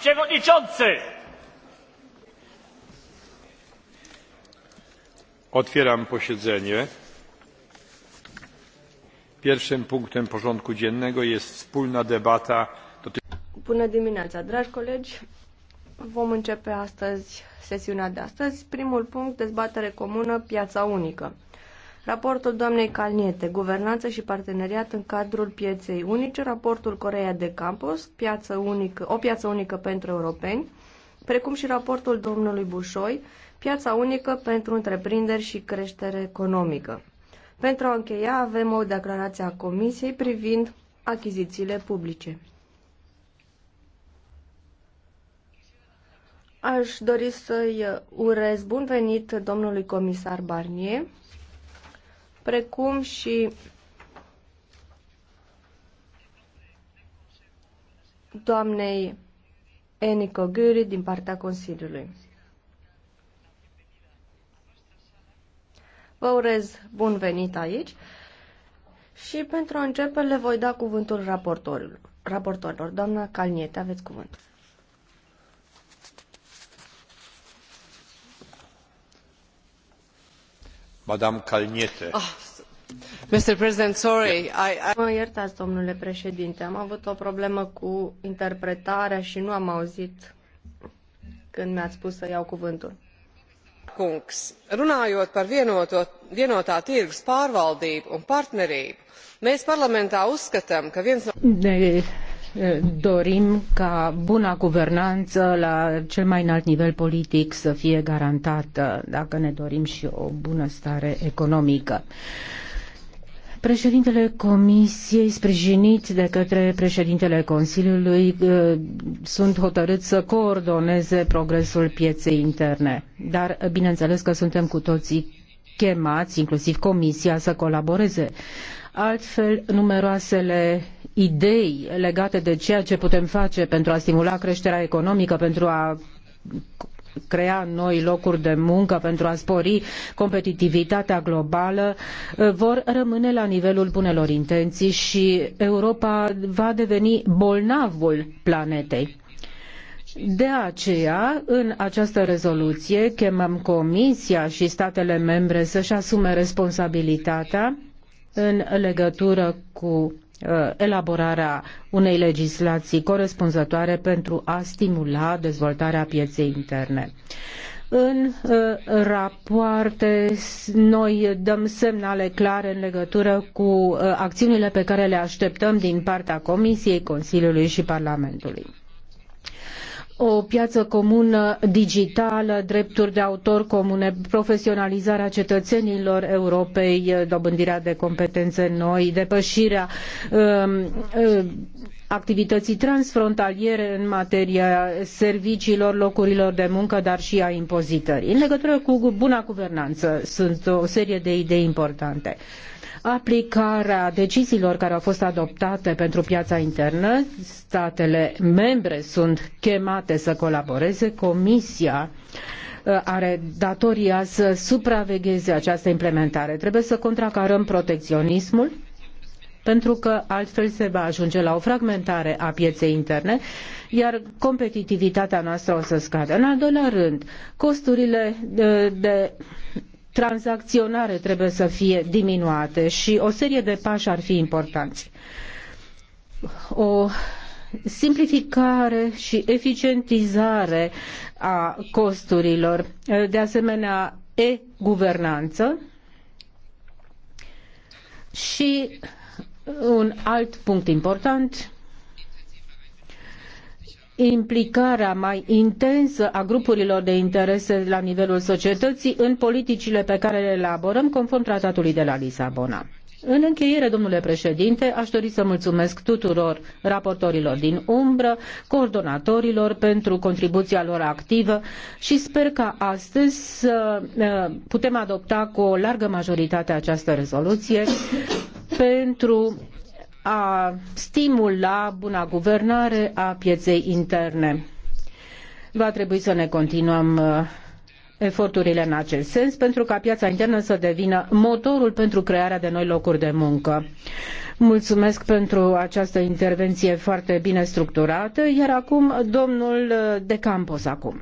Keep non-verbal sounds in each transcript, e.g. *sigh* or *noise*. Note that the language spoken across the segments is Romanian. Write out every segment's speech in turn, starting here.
przewodniczący! Otwieram posiedzenie. Pierwszym punktem porządku dziennego jest wspólna debata Bună dimineața, dragi colegi! Vom începe astăzi sesiunea de astăzi. Primul punct, dezbatere comună, piața unică. Raportul doamnei Calniete, Guvernanță și parteneriat în cadrul pieței unice, raportul Coreea de campus, piață unică, o piață unică pentru europeni, precum și raportul domnului Bușoi, piața unică pentru întreprinderi și creștere economică. Pentru a încheia, avem o declarație a Comisiei privind achizițiile publice. Aș dori să-i urez bun venit domnului comisar Barnier precum și doamnei Eniko Guri din partea Consiliului. Vă urez bun venit aici și pentru a începe le voi da cuvântul raportorilor. Raportorilor, doamna Calniete, aveți cuvântul. Ah, mă iertați, domnule președinte. Am avut o problemă cu interpretarea și nu am auzit când mi-ați spus să iau cuvântul. Kungs, runājot par vienotā tirgus pārvaldību un partnerību, mēs parlamentā uzskatām, ka viens no dorim ca buna guvernanță la cel mai înalt nivel politic să fie garantată, dacă ne dorim și o bună stare economică. Președintele Comisiei, sprijinit de către președintele Consiliului, uh, sunt hotărât să coordoneze progresul pieței interne. Dar, uh, bineînțeles că suntem cu toții chemați, inclusiv Comisia, să colaboreze. Altfel, numeroasele idei legate de ceea ce putem face pentru a stimula creșterea economică, pentru a crea noi locuri de muncă, pentru a spori competitivitatea globală, vor rămâne la nivelul bunelor intenții și Europa va deveni bolnavul planetei. De aceea, în această rezoluție, chemăm Comisia și statele membre să-și asume responsabilitatea în legătură cu Uh, elaborarea unei legislații corespunzătoare pentru a stimula dezvoltarea pieței interne. În uh, rapoarte noi dăm semnale clare în legătură cu uh, acțiunile pe care le așteptăm din partea Comisiei, Consiliului și Parlamentului o piață comună digitală, drepturi de autor comune, profesionalizarea cetățenilor Europei, eh, dobândirea de competențe noi, depășirea um, activității transfrontaliere în materia serviciilor, locurilor de muncă, dar și a impozitării. În legătură cu buna guvernanță sunt o serie de idei importante aplicarea deciziilor care au fost adoptate pentru piața internă. Statele membre sunt chemate să colaboreze. Comisia uh, are datoria să supravegheze această implementare. Trebuie să contracarăm protecționismul pentru că altfel se va ajunge la o fragmentare a pieței interne, iar competitivitatea noastră o să scadă. În al doilea rând, costurile uh, de, de tranzacționare trebuie să fie diminuate și o serie de pași ar fi importanți. O simplificare și eficientizare a costurilor, de asemenea e-guvernanță și un alt punct important implicarea mai intensă a grupurilor de interese la nivelul societății în politicile pe care le elaborăm conform tratatului de la Lisabona. În încheiere, domnule președinte, aș dori să mulțumesc tuturor raportorilor din umbră, coordonatorilor pentru contribuția lor activă și sper ca astăzi să eh, putem adopta cu o largă majoritate această rezoluție pentru a stimula buna guvernare a pieței interne. Va trebui să ne continuăm uh, eforturile în acest sens pentru ca piața internă să devină motorul pentru crearea de noi locuri de muncă. Mulțumesc pentru această intervenție foarte bine structurată, iar acum domnul uh, De Campos acum.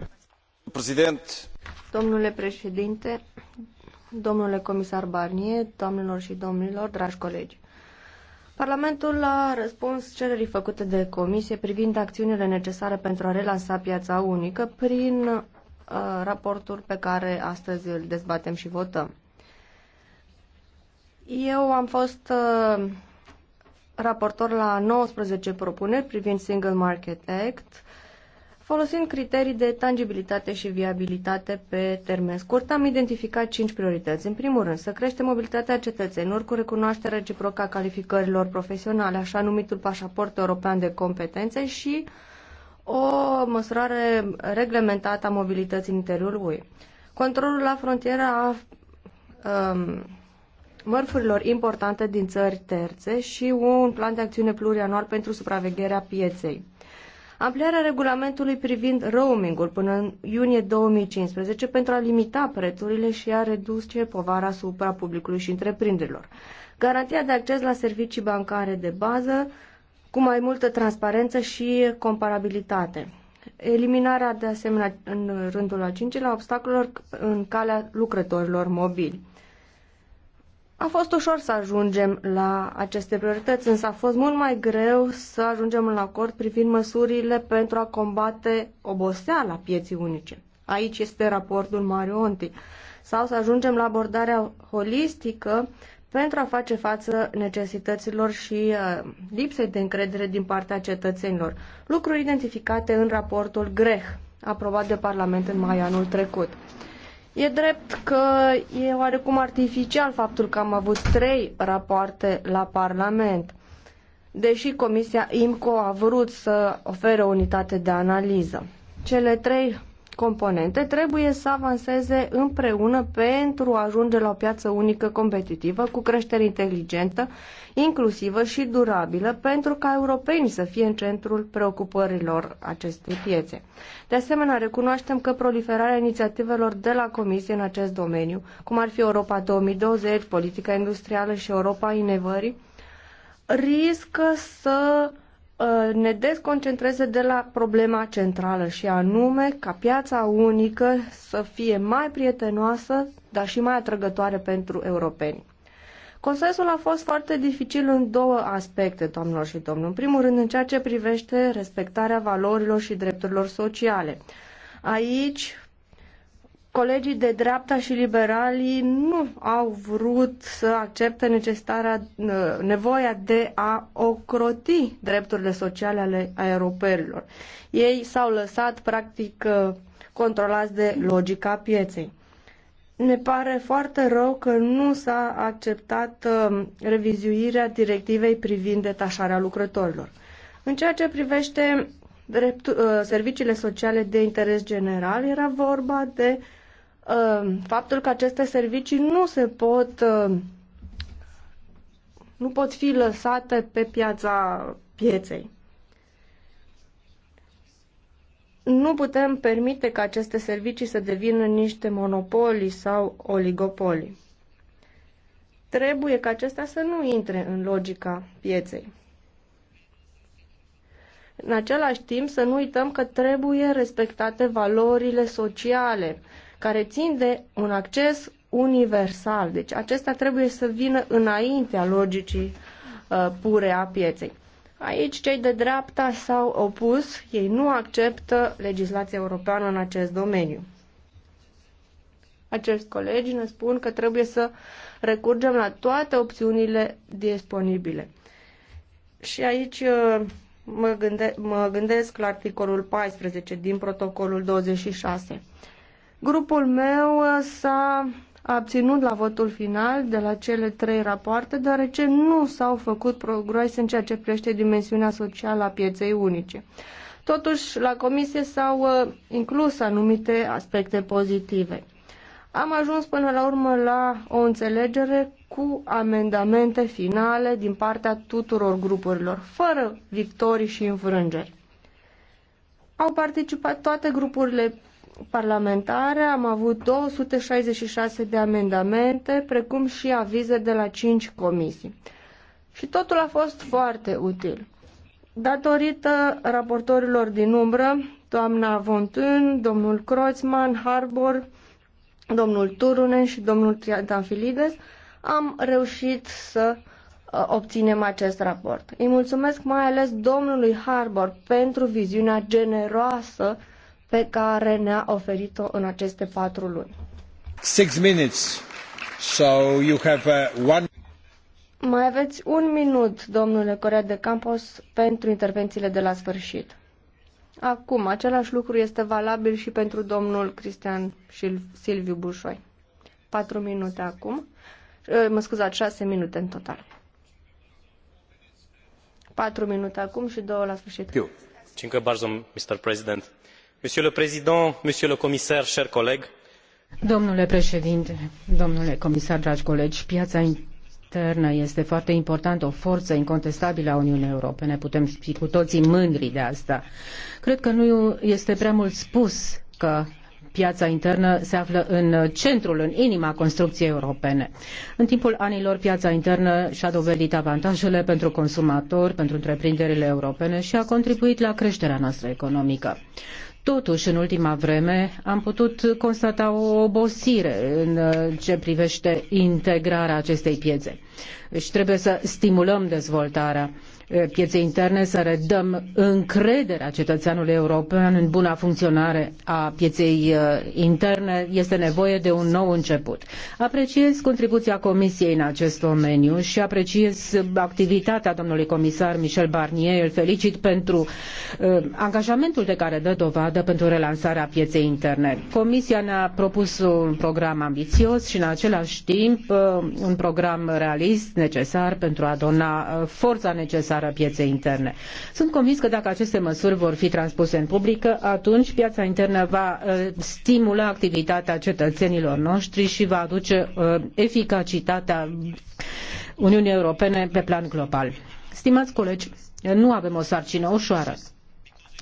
Prezident. Domnule președinte, domnule comisar Barnier, doamnelor și domnilor, dragi colegi. Parlamentul a răspuns cererii făcute de comisie privind acțiunile necesare pentru a relansa piața unică prin uh, raportul pe care astăzi îl dezbatem și votăm. Eu am fost uh, raportor la 19 propuneri privind Single Market Act, folosind criterii de tangibilitate și viabilitate pe termen scurt, am identificat cinci priorități. În primul rând, să crește mobilitatea cetățenilor cu recunoașterea reciprocă a calificărilor profesionale, așa numitul pașaport european de competențe și o măsurare reglementată a mobilității în interiorul UE. Controlul la frontiera a um, mărfurilor importante din țări terțe și un plan de acțiune plurianual pentru supravegherea pieței ampliarea regulamentului privind roamingul până în iunie 2015 pentru a limita prețurile și a reduce povara asupra publicului și întreprinderilor, garanția de acces la servicii bancare de bază cu mai multă transparență și comparabilitate, eliminarea de asemenea în rândul a cincilea obstacolelor în calea lucrătorilor mobili. A fost ușor să ajungem la aceste priorități, însă a fost mult mai greu să ajungem în acord privind măsurile pentru a combate oboseala pieții unice. Aici este raportul Mario Onti. Sau să ajungem la abordarea holistică pentru a face față necesităților și uh, lipsei de încredere din partea cetățenilor, lucruri identificate în raportul Greh, aprobat de Parlament în mai anul trecut. E drept că e oarecum artificial faptul că am avut trei rapoarte la Parlament, deși Comisia IMCO a vrut să ofere o unitate de analiză. Cele trei componente trebuie să avanseze împreună pentru a ajunge la o piață unică competitivă cu creștere inteligentă, inclusivă și durabilă pentru ca europenii să fie în centrul preocupărilor acestei piețe. De asemenea, recunoaștem că proliferarea inițiativelor de la Comisie în acest domeniu, cum ar fi Europa 2020, politica industrială și Europa inevării, riscă să Uh, ne desconcentreze de la problema centrală și anume ca piața unică să fie mai prietenoasă, dar și mai atrăgătoare pentru europeni. Consensul a fost foarte dificil în două aspecte, doamnelor și domnilor. În primul rând, în ceea ce privește respectarea valorilor și drepturilor sociale. Aici, colegii de dreapta și liberalii nu au vrut să accepte necesitatea, nevoia de a ocroti drepturile sociale ale aeroperilor. Ei s-au lăsat, practic, uh, controlați de logica pieței. Ne pare foarte rău că nu s-a acceptat uh, revizuirea directivei privind detașarea lucrătorilor. În ceea ce privește uh, serviciile sociale de interes general, era vorba de Uh, faptul că aceste servicii nu se pot uh, nu pot fi lăsate pe piața pieței. Nu putem permite ca aceste servicii să devină niște monopolii sau oligopolii. Trebuie ca acestea să nu intre în logica pieței. În același timp, să nu uităm că trebuie respectate valorile sociale, care țin de un acces universal. Deci acesta trebuie să vină înaintea logicii uh, pure a pieței. Aici cei de dreapta s-au opus, ei nu acceptă legislația europeană în acest domeniu. Acești colegi ne spun că trebuie să recurgem la toate opțiunile disponibile. Și aici uh, mă, gânde- mă gândesc la articolul 14 din protocolul 26. Grupul meu uh, s-a abținut la votul final de la cele trei rapoarte, deoarece nu s-au făcut progrese în ceea ce privește dimensiunea socială a pieței unice. Totuși, la comisie s-au uh, inclus anumite aspecte pozitive. Am ajuns până la urmă la o înțelegere cu amendamente finale din partea tuturor grupurilor, fără victorii și înfrângeri. Au participat toate grupurile parlamentare am avut 266 de amendamente, precum și avize de la 5 comisii. Și totul a fost foarte util. Datorită raportorilor din umbră, doamna Vontân, domnul Croțman, Harbor, domnul Turunen și domnul Triantafilides, am reușit să uh, obținem acest raport. Îi mulțumesc mai ales domnului Harbor pentru viziunea generoasă pe care ne-a oferit-o în aceste patru luni. Six minutes. So you have uh, one... Mai aveți un minut, domnule Corea de Campos, pentru intervențiile de la sfârșit. Acum, același lucru este valabil și pentru domnul Cristian Silviu Bușoi. Patru minute acum. Uh, mă scuzați, șase minute în total. Patru minute acum și două la sfârșit. Thank Mr. President monsieur le président monsieur le commissaire chers collègues domnule președinte domnule comisar dragi colegi piața internă este foarte importantă o forță incontestabilă a uniunii europene putem fi cu toții mândri de asta cred că nu este prea mult spus că piața internă se află în centrul, în inima construcției europene. În timpul anilor, piața internă și-a dovedit avantajele pentru consumatori, pentru întreprinderile europene și a contribuit la creșterea noastră economică. Totuși, în ultima vreme, am putut constata o obosire în uh, ce privește integrarea acestei piețe. Și deci trebuie să stimulăm dezvoltarea Eh, pieței interne, să redăm încrederea cetățeanului european în buna funcționare a pieței eh, interne, este nevoie de un nou început. Apreciez contribuția Comisiei în acest domeniu și apreciez activitatea domnului comisar Michel Barnier. Îl felicit pentru eh, angajamentul de care dă dovadă pentru relansarea pieței interne. Comisia ne-a propus un program ambițios și în același timp un program realist necesar pentru a dona forța necesară funcționarea pieței interne. Sunt convins că dacă aceste măsuri vor fi transpuse în publică, atunci piața internă va uh, stimula activitatea cetățenilor noștri și va aduce uh, eficacitatea Uniunii Europene pe plan global. Stimați colegi, nu avem o sarcină ușoară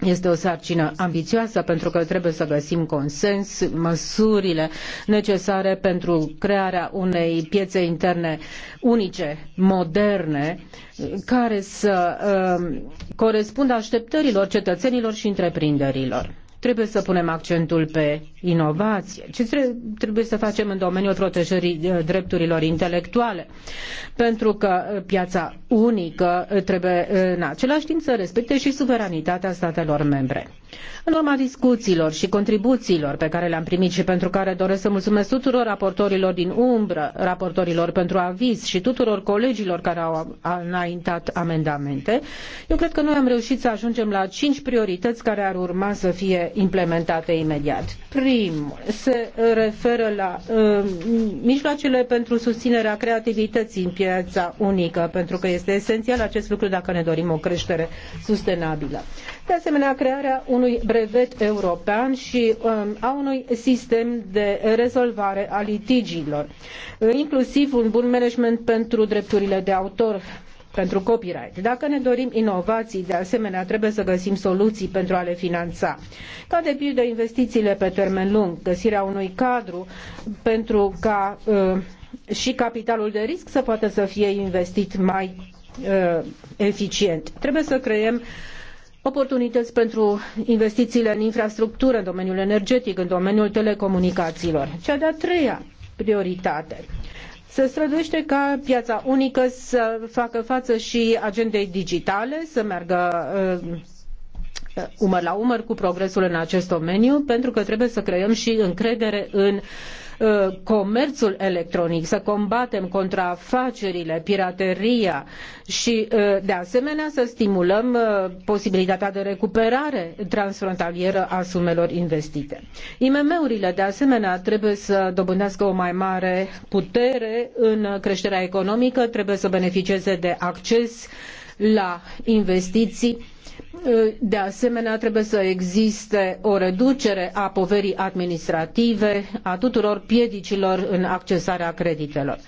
este o sarcină ambițioasă pentru că trebuie să găsim consens, măsurile necesare pentru crearea unei piețe interne unice, moderne, care să uh, corespundă așteptărilor cetățenilor și întreprinderilor. Trebuie să punem accentul pe inovație. Ce trebuie să facem în domeniul protejării uh, drepturilor intelectuale? Pentru că uh, piața unică uh, trebuie în același timp să respecte și suveranitatea statelor membre. În urma discuțiilor și contribuțiilor pe care le-am primit și pentru care doresc să mulțumesc tuturor raportorilor din umbră, raportorilor pentru aviz și tuturor colegilor care au înaintat amendamente, eu cred că noi am reușit să ajungem la cinci priorități care ar urma să fie implementate imediat. Primul se referă la uh, mijloacele pentru susținerea creativității în piața unică, pentru că este esențial acest lucru dacă ne dorim o creștere sustenabilă. De asemenea, crearea unui brevet european și um, a unui sistem de rezolvare a litigiilor, inclusiv un bun management pentru drepturile de autor pentru copyright. Dacă ne dorim inovații, de asemenea, trebuie să găsim soluții pentru a le finanța. Ca de pildă investițiile pe termen lung, găsirea unui cadru pentru ca uh, și capitalul de risc să poată să fie investit mai uh, eficient. Trebuie să creăm oportunități pentru investițiile în infrastructură, în domeniul energetic, în domeniul telecomunicațiilor. Cea de-a treia prioritate se străduiește ca piața unică să facă față și agendei digitale, să meargă uh, umăr la umăr cu progresul în acest domeniu, pentru că trebuie să creăm și încredere în Uh, comerțul electronic, să combatem contrafacerile, pirateria și uh, de asemenea să stimulăm uh, posibilitatea de recuperare transfrontalieră a sumelor investite. IMM-urile de asemenea trebuie să dobândească o mai mare putere în creșterea economică, trebuie să beneficieze de acces la investiții de asemenea, trebuie să existe o reducere a poverii administrative, a tuturor piedicilor în accesarea creditelor.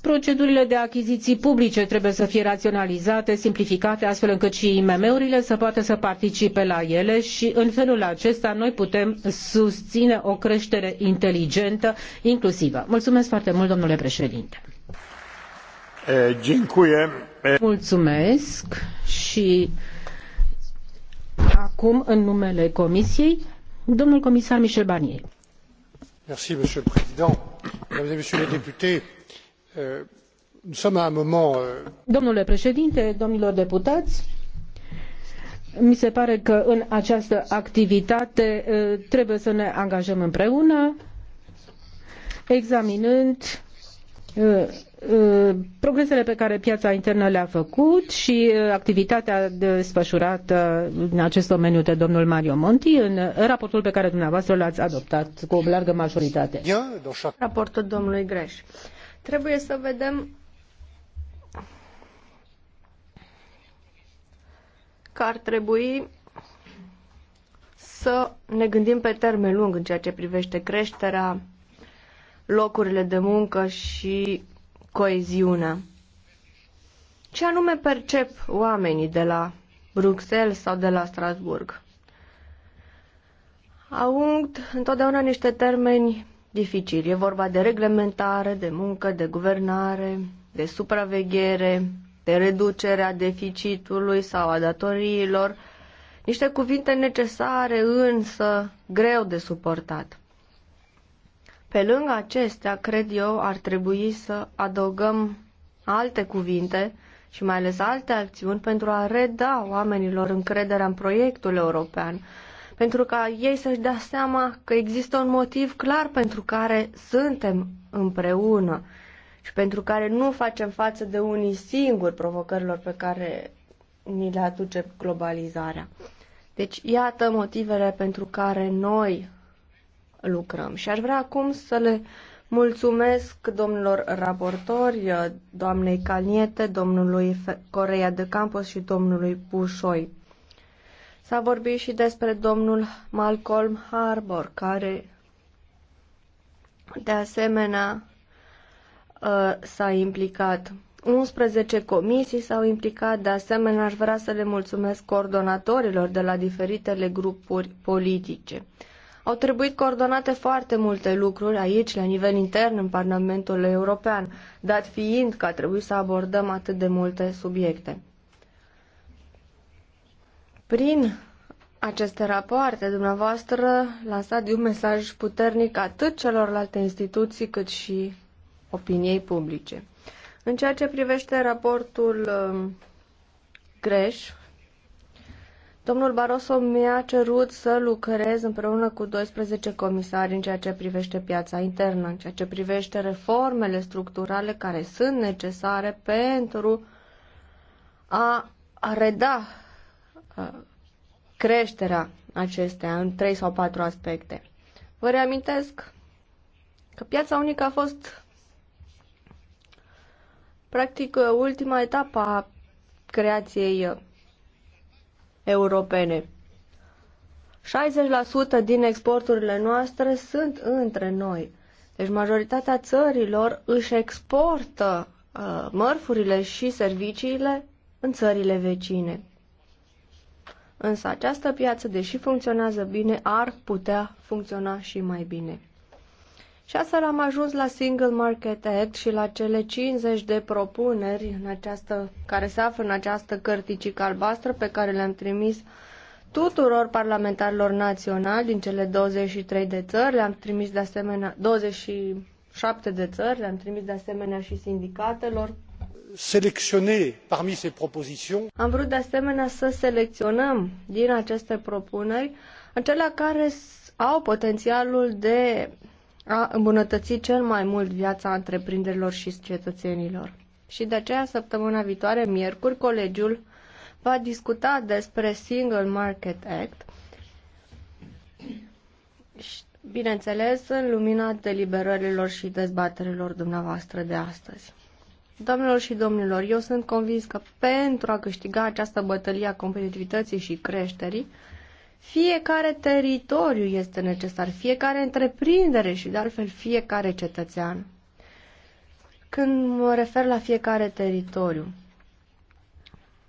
Procedurile de achiziții publice trebuie să fie raționalizate, simplificate, astfel încât și IMM-urile să poată să participe la ele și în felul acesta noi putem susține o creștere inteligentă, inclusivă. Mulțumesc foarte mult, domnule președinte. E, eh, Mulțumesc și acum, în numele Comisiei, domnul comisar Michel Barnier. Merci, monsieur le président. Mesdames et messieurs les députés, euh, nous sommes à un moment... Euh, Domnule președinte, domnilor deputați, mi se pare că în această activitate uh, trebuie să ne angajăm împreună, examinând uh, Uh, progresele pe care piața internă le-a făcut și uh, activitatea desfășurată în acest domeniu de domnul Mario Monti în raportul pe care dumneavoastră l-ați adoptat cu o largă majoritate. Raportul domnului Greș. Trebuie să vedem că ar trebui să ne gândim pe termen lung în ceea ce privește creșterea, locurile de muncă și coeziunea. Ce anume percep oamenii de la Bruxelles sau de la Strasburg? Au întotdeauna niște termeni dificili. E vorba de reglementare, de muncă, de guvernare, de supraveghere, de reducerea deficitului sau a datoriilor, niște cuvinte necesare însă greu de suportat. Pe lângă acestea, cred eu, ar trebui să adăugăm alte cuvinte și mai ales alte acțiuni pentru a reda oamenilor încrederea în proiectul european, pentru ca ei să-și dea seama că există un motiv clar pentru care suntem împreună și pentru care nu facem față de unii singuri provocărilor pe care ni le aduce globalizarea. Deci, iată motivele pentru care noi, lucrăm. Și aș vrea acum să le mulțumesc domnilor raportori, doamnei Caliete, domnului Corea de Campos și domnului Pușoi. S-a vorbit și despre domnul Malcolm Harbour, care de asemenea uh, s-a implicat. 11 comisii s-au implicat, de asemenea aș vrea să le mulțumesc coordonatorilor de la diferitele grupuri politice. Au trebuit coordonate foarte multe lucruri aici, la nivel intern, în Parlamentul European, dat fiind că a trebuit să abordăm atât de multe subiecte. Prin aceste rapoarte, dumneavoastră lansați un mesaj puternic atât celorlalte instituții cât și opiniei publice. În ceea ce privește raportul um, Greș Domnul Barroso mi-a cerut să lucrez împreună cu 12 comisari în ceea ce privește piața internă, în ceea ce privește reformele structurale care sunt necesare pentru a reda uh, creșterea acestea în 3 sau 4 aspecte. Vă reamintesc că piața unică a fost practic ultima etapă a creației europene. 60% din exporturile noastre sunt între noi. Deci majoritatea țărilor își exportă uh, mărfurile și serviciile în țările vecine. Însă această piață, deși funcționează bine, ar putea funcționa și mai bine. Și astfel am ajuns la Single Market Act și la cele 50 de propuneri în această, care se află în această cărticică albastră pe care le-am trimis tuturor parlamentarilor naționali din cele 23 de țări, le-am trimis de asemenea 27 de țări, le-am trimis de asemenea și sindicatelor. Selecționez parmi ces propositions. Am vrut de asemenea să selecționăm din aceste propuneri acelea care au potențialul de a îmbunătăți cel mai mult viața întreprinderilor și cetățenilor. Și de aceea, săptămâna viitoare, miercuri, colegiul va discuta despre Single Market Act, și, bineînțeles, în lumina deliberărilor și dezbaterilor dumneavoastră de astăzi. Domnilor și domnilor, eu sunt convins că pentru a câștiga această bătălie a competitivității și creșterii, fiecare teritoriu este necesar, fiecare întreprindere și de altfel fiecare cetățean. Când mă refer la fiecare teritoriu,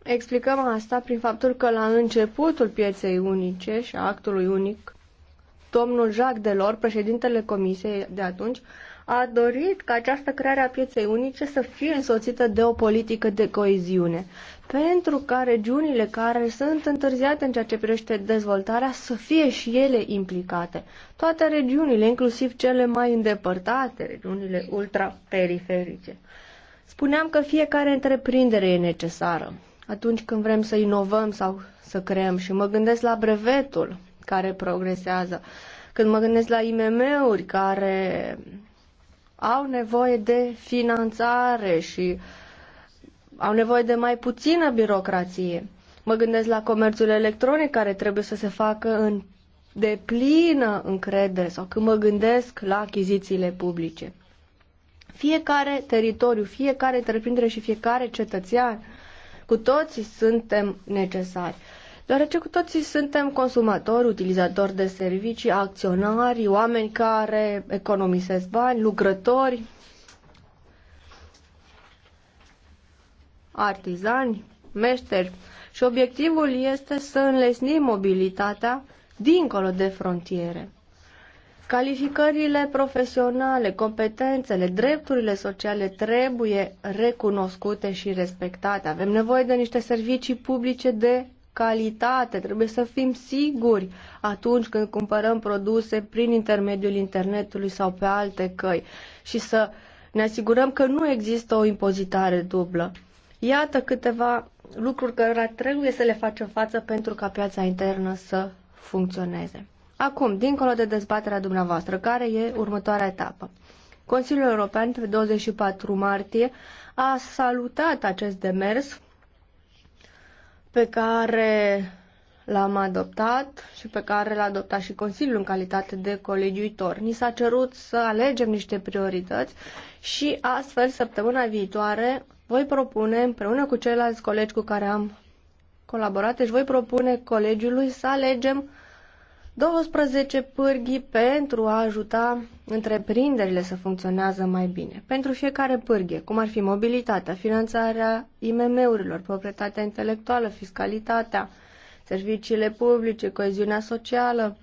explicăm asta prin faptul că la începutul pieței unice și a actului unic, domnul Jacques Delors, președintele comisiei de atunci, a dorit ca această creare a pieței unice să fie însoțită de o politică de coeziune, pentru ca regiunile care sunt întârziate în ceea ce privește dezvoltarea să fie și ele implicate. Toate regiunile, inclusiv cele mai îndepărtate, regiunile ultraperiferice. Spuneam că fiecare întreprindere e necesară atunci când vrem să inovăm sau să creăm și mă gândesc la brevetul care progresează, când mă gândesc la IMM-uri care au nevoie de finanțare și au nevoie de mai puțină birocrație. Mă gândesc la comerțul electronic care trebuie să se facă în de plină încredere sau când mă gândesc la achizițiile publice. Fiecare teritoriu, fiecare întreprindere și fiecare cetățean, cu toții suntem necesari deoarece cu toții suntem consumatori, utilizatori de servicii, acționari, oameni care economisesc bani, lucrători, artizani, meșteri și obiectivul este să înlesnim mobilitatea dincolo de frontiere. Calificările profesionale, competențele, drepturile sociale trebuie recunoscute și respectate. Avem nevoie de niște servicii publice de calitate, trebuie să fim siguri atunci când cumpărăm produse prin intermediul internetului sau pe alte căi și să ne asigurăm că nu există o impozitare dublă. Iată câteva lucruri care trebuie să le facem față pentru ca piața internă să funcționeze. Acum, dincolo de dezbaterea dumneavoastră, care e următoarea etapă? Consiliul European pe 24 martie a salutat acest demers pe care l-am adoptat și pe care l-a adoptat și Consiliul în calitate de colegiuitor. Ni s-a cerut să alegem niște priorități și astfel săptămâna viitoare voi propune împreună cu ceilalți colegi cu care am colaborat, deci voi propune colegiului să alegem 12 pârghii pentru a ajuta întreprinderile să funcționează mai bine. Pentru fiecare pârghie, cum ar fi mobilitatea, finanțarea IMM-urilor, proprietatea intelectuală, fiscalitatea, serviciile publice, coeziunea socială.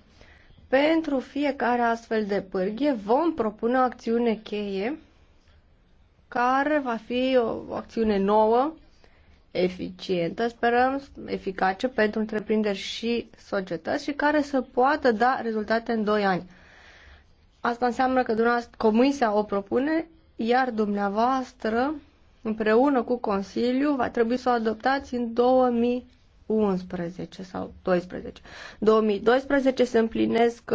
Pentru fiecare astfel de pârghie vom propune o acțiune cheie care va fi o acțiune nouă eficientă, sperăm, eficace pentru întreprinderi și societăți și care să poată da rezultate în 2 ani. Asta înseamnă că dumneavoastră comisia o propune, iar dumneavoastră, împreună cu Consiliu, va trebui să o adoptați în 2011 sau 2012. 2012 se împlinesc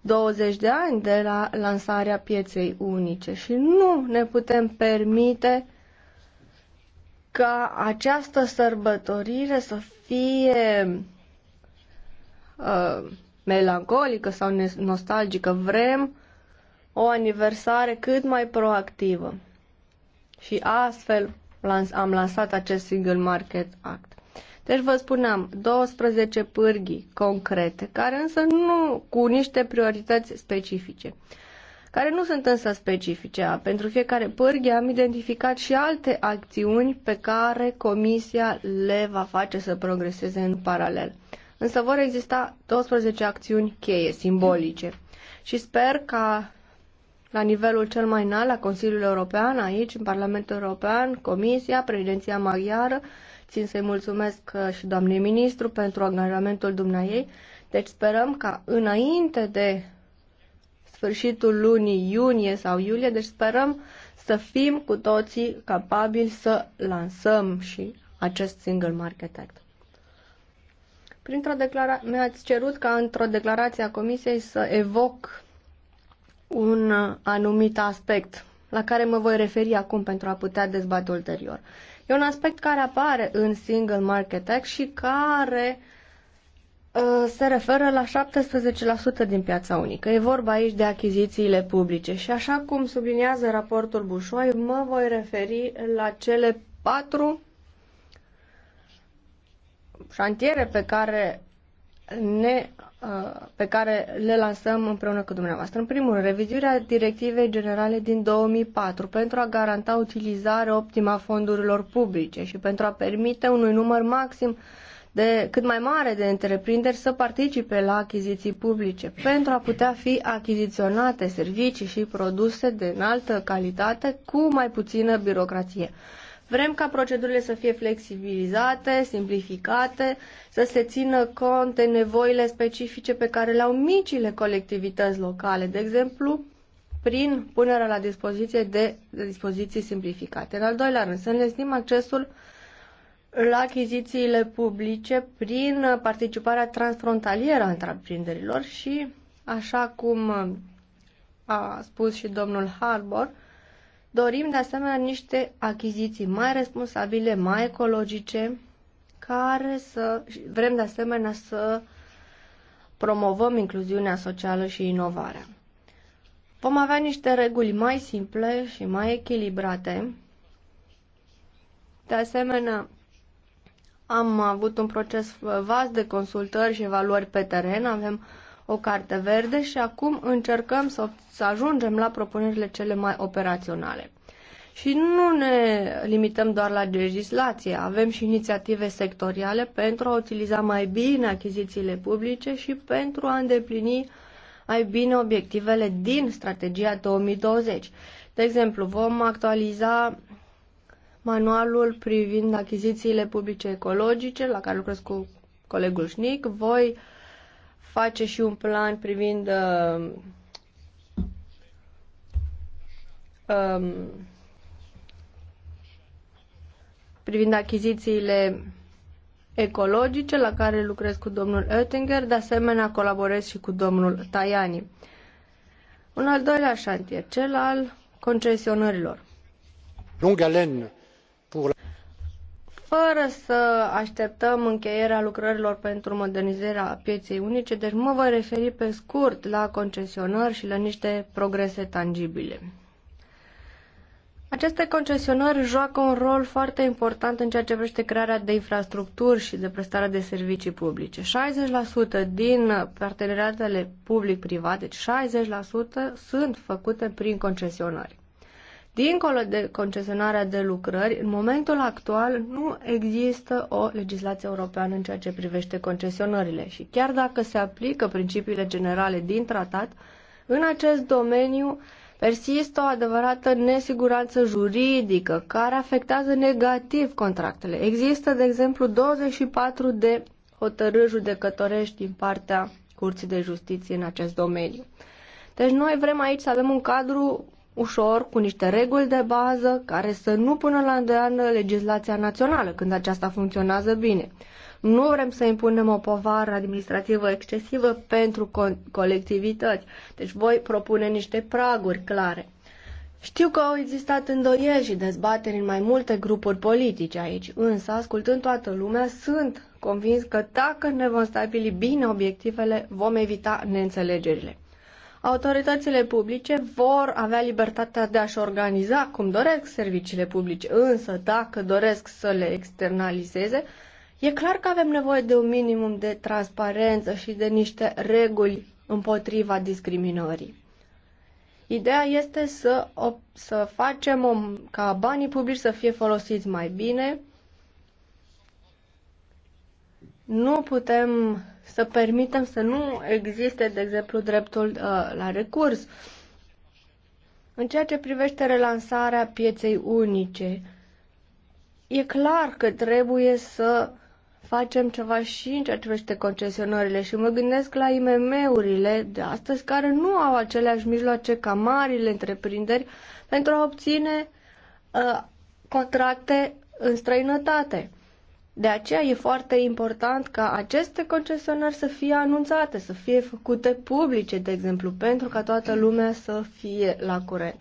20 uh, de ani de la lansarea pieței unice și nu ne putem permite ca această sărbătorire să fie uh, melancolică sau nostalgică. Vrem o aniversare cât mai proactivă. Și astfel am lansat acest Single Market Act. Deci vă spuneam 12 pârghii concrete, care însă nu cu niște priorități specifice care nu sunt însă specifice. Pentru fiecare pârghie am identificat și alte acțiuni pe care Comisia le va face să progreseze în paralel. Însă vor exista 12 acțiuni cheie, simbolice. Și sper ca la nivelul cel mai înalt, la Consiliul European, aici, în Parlamentul European, Comisia, Președinția Maghiară, țin să-i mulțumesc uh, și doamnei ministru pentru angajamentul ei, Deci sperăm ca înainte de sfârșitul lunii iunie sau iulie, deci sperăm să fim cu toții capabili să lansăm și acest Single Market Act. Printr-o declara- mi-ați cerut ca într-o declarație a Comisiei să evoc un anumit aspect la care mă voi referi acum pentru a putea dezbate ulterior. E un aspect care apare în Single Market Act și care uh, Uh, se referă la 17% din piața unică. E vorba aici de achizițiile publice și așa cum subliniază raportul Bușoi, mă voi referi la cele patru șantiere pe care, ne, uh, pe care le lansăm împreună cu dumneavoastră. În primul rând, revizuirea directivei generale din 2004 pentru a garanta utilizarea optimă a fondurilor publice și pentru a permite unui număr maxim de cât mai mare de întreprinderi să participe la achiziții publice pentru a putea fi achiziționate servicii și produse de înaltă calitate cu mai puțină birocrație. Vrem ca procedurile să fie flexibilizate, simplificate, să se țină cont de nevoile specifice pe care le au micile colectivități locale, de exemplu, prin punerea la dispoziție de dispoziții simplificate. În al doilea rând, să înlesnim accesul la achizițiile publice prin participarea transfrontalieră a întreprinderilor și, așa cum a spus și domnul Harbour, dorim de asemenea niște achiziții mai responsabile, mai ecologice, care să vrem de asemenea să promovăm incluziunea socială și inovarea. Vom avea niște reguli mai simple și mai echilibrate. De asemenea, am avut un proces vast de consultări și evaluări pe teren, avem o carte verde și acum încercăm să, să ajungem la propunerile cele mai operaționale. Și nu ne limităm doar la legislație, avem și inițiative sectoriale pentru a utiliza mai bine achizițiile publice și pentru a îndeplini mai bine obiectivele din strategia 2020. De exemplu, vom actualiza manualul privind achizițiile publice ecologice, la care lucrez cu colegul Șnic. Voi face și un plan privind uh, um, privind achizițiile ecologice, la care lucrez cu domnul Oettinger, de asemenea colaborez și cu domnul Tajani. Un al doilea șantier, cel al concesionărilor. Lungă lene fără să așteptăm încheierea lucrărilor pentru modernizarea pieței unice, deci mă voi referi pe scurt la concesionări și la niște progrese tangibile. Aceste concesionări joacă un rol foarte important în ceea ce privește crearea de infrastructuri și de prestarea de servicii publice. 60% din parteneriatele public-private, deci 60% sunt făcute prin concesionări. Dincolo de concesionarea de lucrări, în momentul actual nu există o legislație europeană în ceea ce privește concesionările și chiar dacă se aplică principiile generale din tratat, în acest domeniu persistă o adevărată nesiguranță juridică care afectează negativ contractele. Există, de exemplu, 24 de hotărâri judecătorești din partea Curții de Justiție în acest domeniu. Deci noi vrem aici să avem un cadru ușor, cu niște reguli de bază, care să nu pună la îndoială legislația națională, când aceasta funcționează bine. Nu vrem să impunem o povară administrativă excesivă pentru co- colectivități, deci voi propune niște praguri clare. Știu că au existat îndoieli și dezbateri în mai multe grupuri politice aici, însă, ascultând toată lumea, sunt convins că dacă ne vom stabili bine obiectivele, vom evita neînțelegerile. Autoritățile publice vor avea libertatea de a-și organiza cum doresc serviciile publice, însă dacă doresc să le externalizeze, e clar că avem nevoie de un minimum de transparență și de niște reguli împotriva discriminării. Ideea este să, o, să facem o, ca banii publici să fie folosiți mai bine. Nu putem să permitem să nu existe, de exemplu, dreptul uh, la recurs. În ceea ce privește relansarea pieței unice, e clar că trebuie să facem ceva și în ceea ce privește concesionările și mă gândesc la IMM-urile de astăzi care nu au aceleași mijloace ca marile întreprinderi pentru a obține uh, contracte în străinătate. De aceea e foarte important ca aceste concesionări să fie anunțate, să fie făcute publice, de exemplu, pentru ca toată lumea să fie la curent.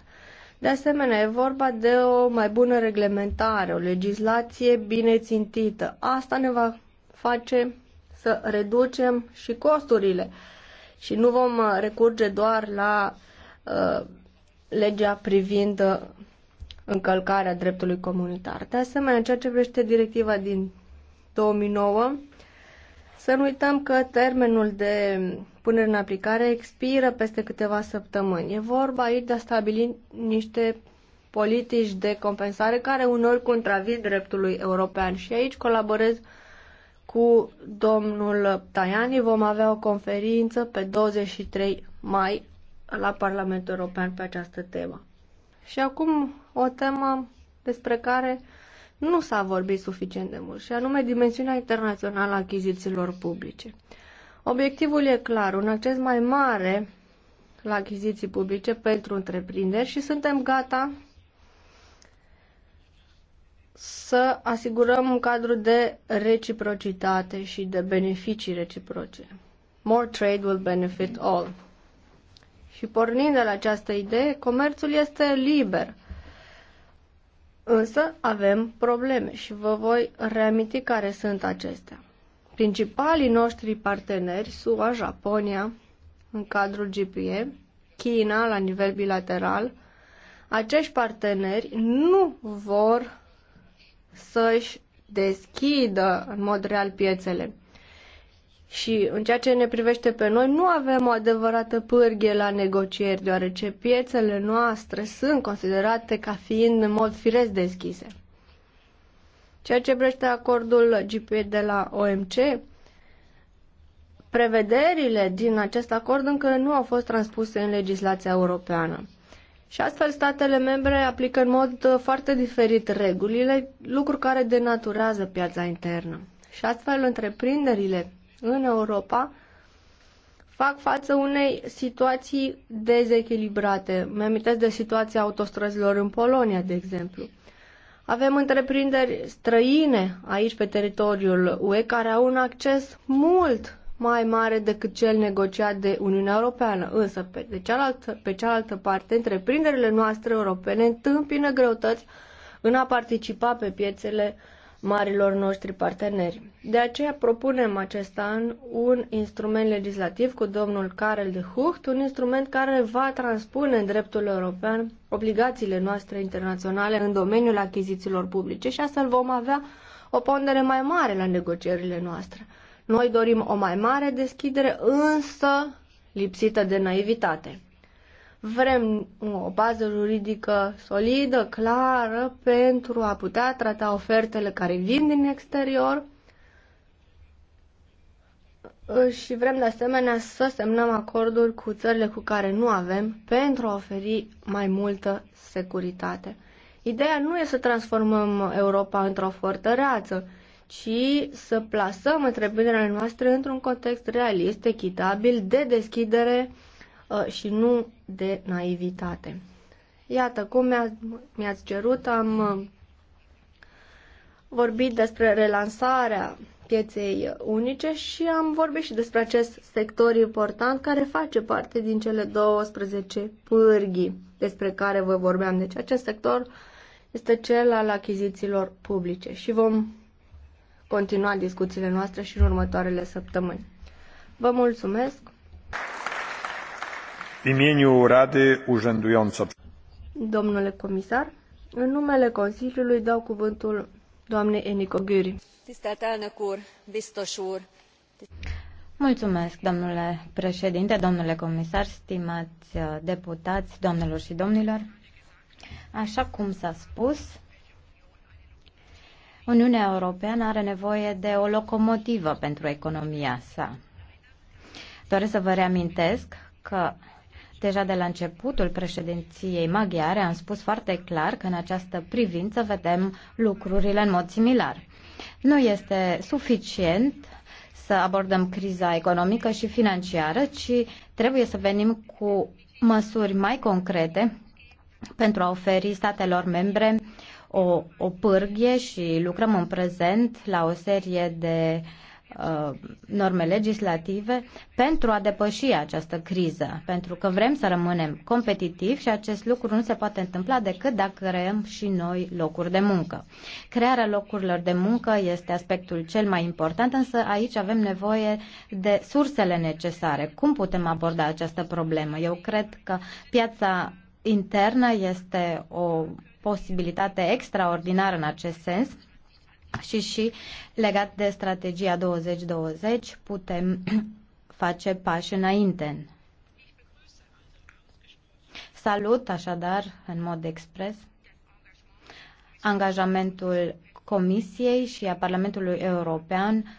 De asemenea, e vorba de o mai bună reglementare, o legislație bine țintită. Asta ne va face să reducem și costurile și nu vom uh, recurge doar la uh, legea privind uh, încălcarea dreptului comunitar. De asemenea, în ceea ce privește directiva din 2009, să nu uităm că termenul de punere în aplicare expiră peste câteva săptămâni. E vorba aici de a stabili niște politici de compensare care unor contravin dreptului european și aici colaborez cu domnul Tajani. Vom avea o conferință pe 23 mai la Parlamentul European pe această temă. Și acum o temă despre care nu s-a vorbit suficient de mult, și anume dimensiunea internațională a achizițiilor publice. Obiectivul e clar, un acces mai mare la achiziții publice pentru întreprinderi și suntem gata să asigurăm un cadru de reciprocitate și de beneficii reciproce. More trade will benefit all. Și pornind de la această idee, comerțul este liber Însă avem probleme și vă voi reaminti care sunt acestea. Principalii noștri parteneri, SUA, Japonia, în cadrul GPE, China la nivel bilateral, acești parteneri nu vor să-și deschidă în mod real piețele. Și în ceea ce ne privește pe noi, nu avem o adevărată pârghie la negocieri, deoarece piețele noastre sunt considerate ca fiind în mod firesc deschise. Ceea ce privește acordul GP de la OMC, prevederile din acest acord încă nu au fost transpuse în legislația europeană. Și astfel statele membre aplică în mod uh, foarte diferit regulile, lucru care denaturează piața internă. Și astfel întreprinderile în Europa fac față unei situații dezechilibrate. Mi-amintesc de situația autostrăzilor în Polonia, de exemplu. Avem întreprinderi străine aici pe teritoriul UE care au un acces mult mai mare decât cel negociat de Uniunea Europeană. Însă, pe, de cealaltă, pe cealaltă parte, întreprinderile noastre europene întâmpină greutăți în a participa pe piețele marilor noștri parteneri. De aceea propunem acest an un instrument legislativ cu domnul Karel de Hucht, un instrument care va transpune în dreptul european obligațiile noastre internaționale în domeniul achizițiilor publice și astfel vom avea o pondere mai mare la negocierile noastre. Noi dorim o mai mare deschidere, însă lipsită de naivitate. Vrem o bază juridică solidă, clară, pentru a putea trata ofertele care vin din exterior și vrem de asemenea să semnăm acorduri cu țările cu care nu avem pentru a oferi mai multă securitate. Ideea nu e să transformăm Europa într-o fortăreață, ci să plasăm întreprinderile noastre într-un context realist, echitabil, de deschidere uh, și nu de naivitate. Iată cum mi-ați mi cerut, am uh, vorbit despre relansarea pieței unice și am vorbit și despre acest sector important care face parte din cele 12 pârghii despre care vă vorbeam. Deci acest sector este cel al achizițiilor publice și vom continua discuțiile noastre și în următoarele săptămâni. Vă mulțumesc! imieniu Rady Urzędująco. Domnule comisar, în numele Consiliului dau cuvântul doamnei Eniko Gyuri. Mulțumesc, domnule președinte, domnule comisar, stimați uh, deputați, doamnelor și domnilor. Așa cum s-a spus, Uniunea Europeană are nevoie de o locomotivă pentru economia sa. Doresc să vă reamintesc că Deja de la începutul președinției maghiare am spus foarte clar că în această privință vedem lucrurile în mod similar. Nu este suficient să abordăm criza economică și financiară, ci trebuie să venim cu măsuri mai concrete pentru a oferi statelor membre o, o pârghie și lucrăm în prezent la o serie de uh, Uh, norme legislative pentru a depăși această criză, pentru că vrem să rămânem competitivi și acest lucru nu se poate întâmpla decât dacă creăm și noi locuri de muncă. Crearea locurilor de muncă este aspectul cel mai important, însă aici avem nevoie de sursele necesare. Cum putem aborda această problemă? Eu cred că piața internă este o posibilitate extraordinară în acest sens și și legat de strategia 2020 putem *clears throat* face pași înainte. Salut așadar în mod expres angajamentul Comisiei și a Parlamentului European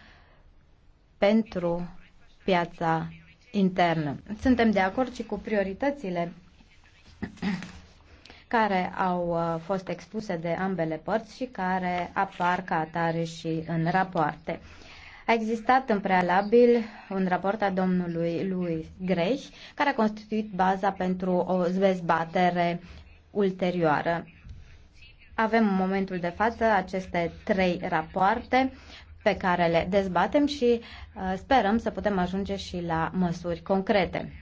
pentru piața internă. Suntem de acord și cu prioritățile care au uh, fost expuse de ambele părți și care apar ca atare și în rapoarte. A existat în prealabil un raport a domnului lui Greș, care a constituit baza pentru o dezbatere ulterioară. Avem în momentul de față aceste trei rapoarte pe care le dezbatem și uh, sperăm să putem ajunge și la măsuri concrete.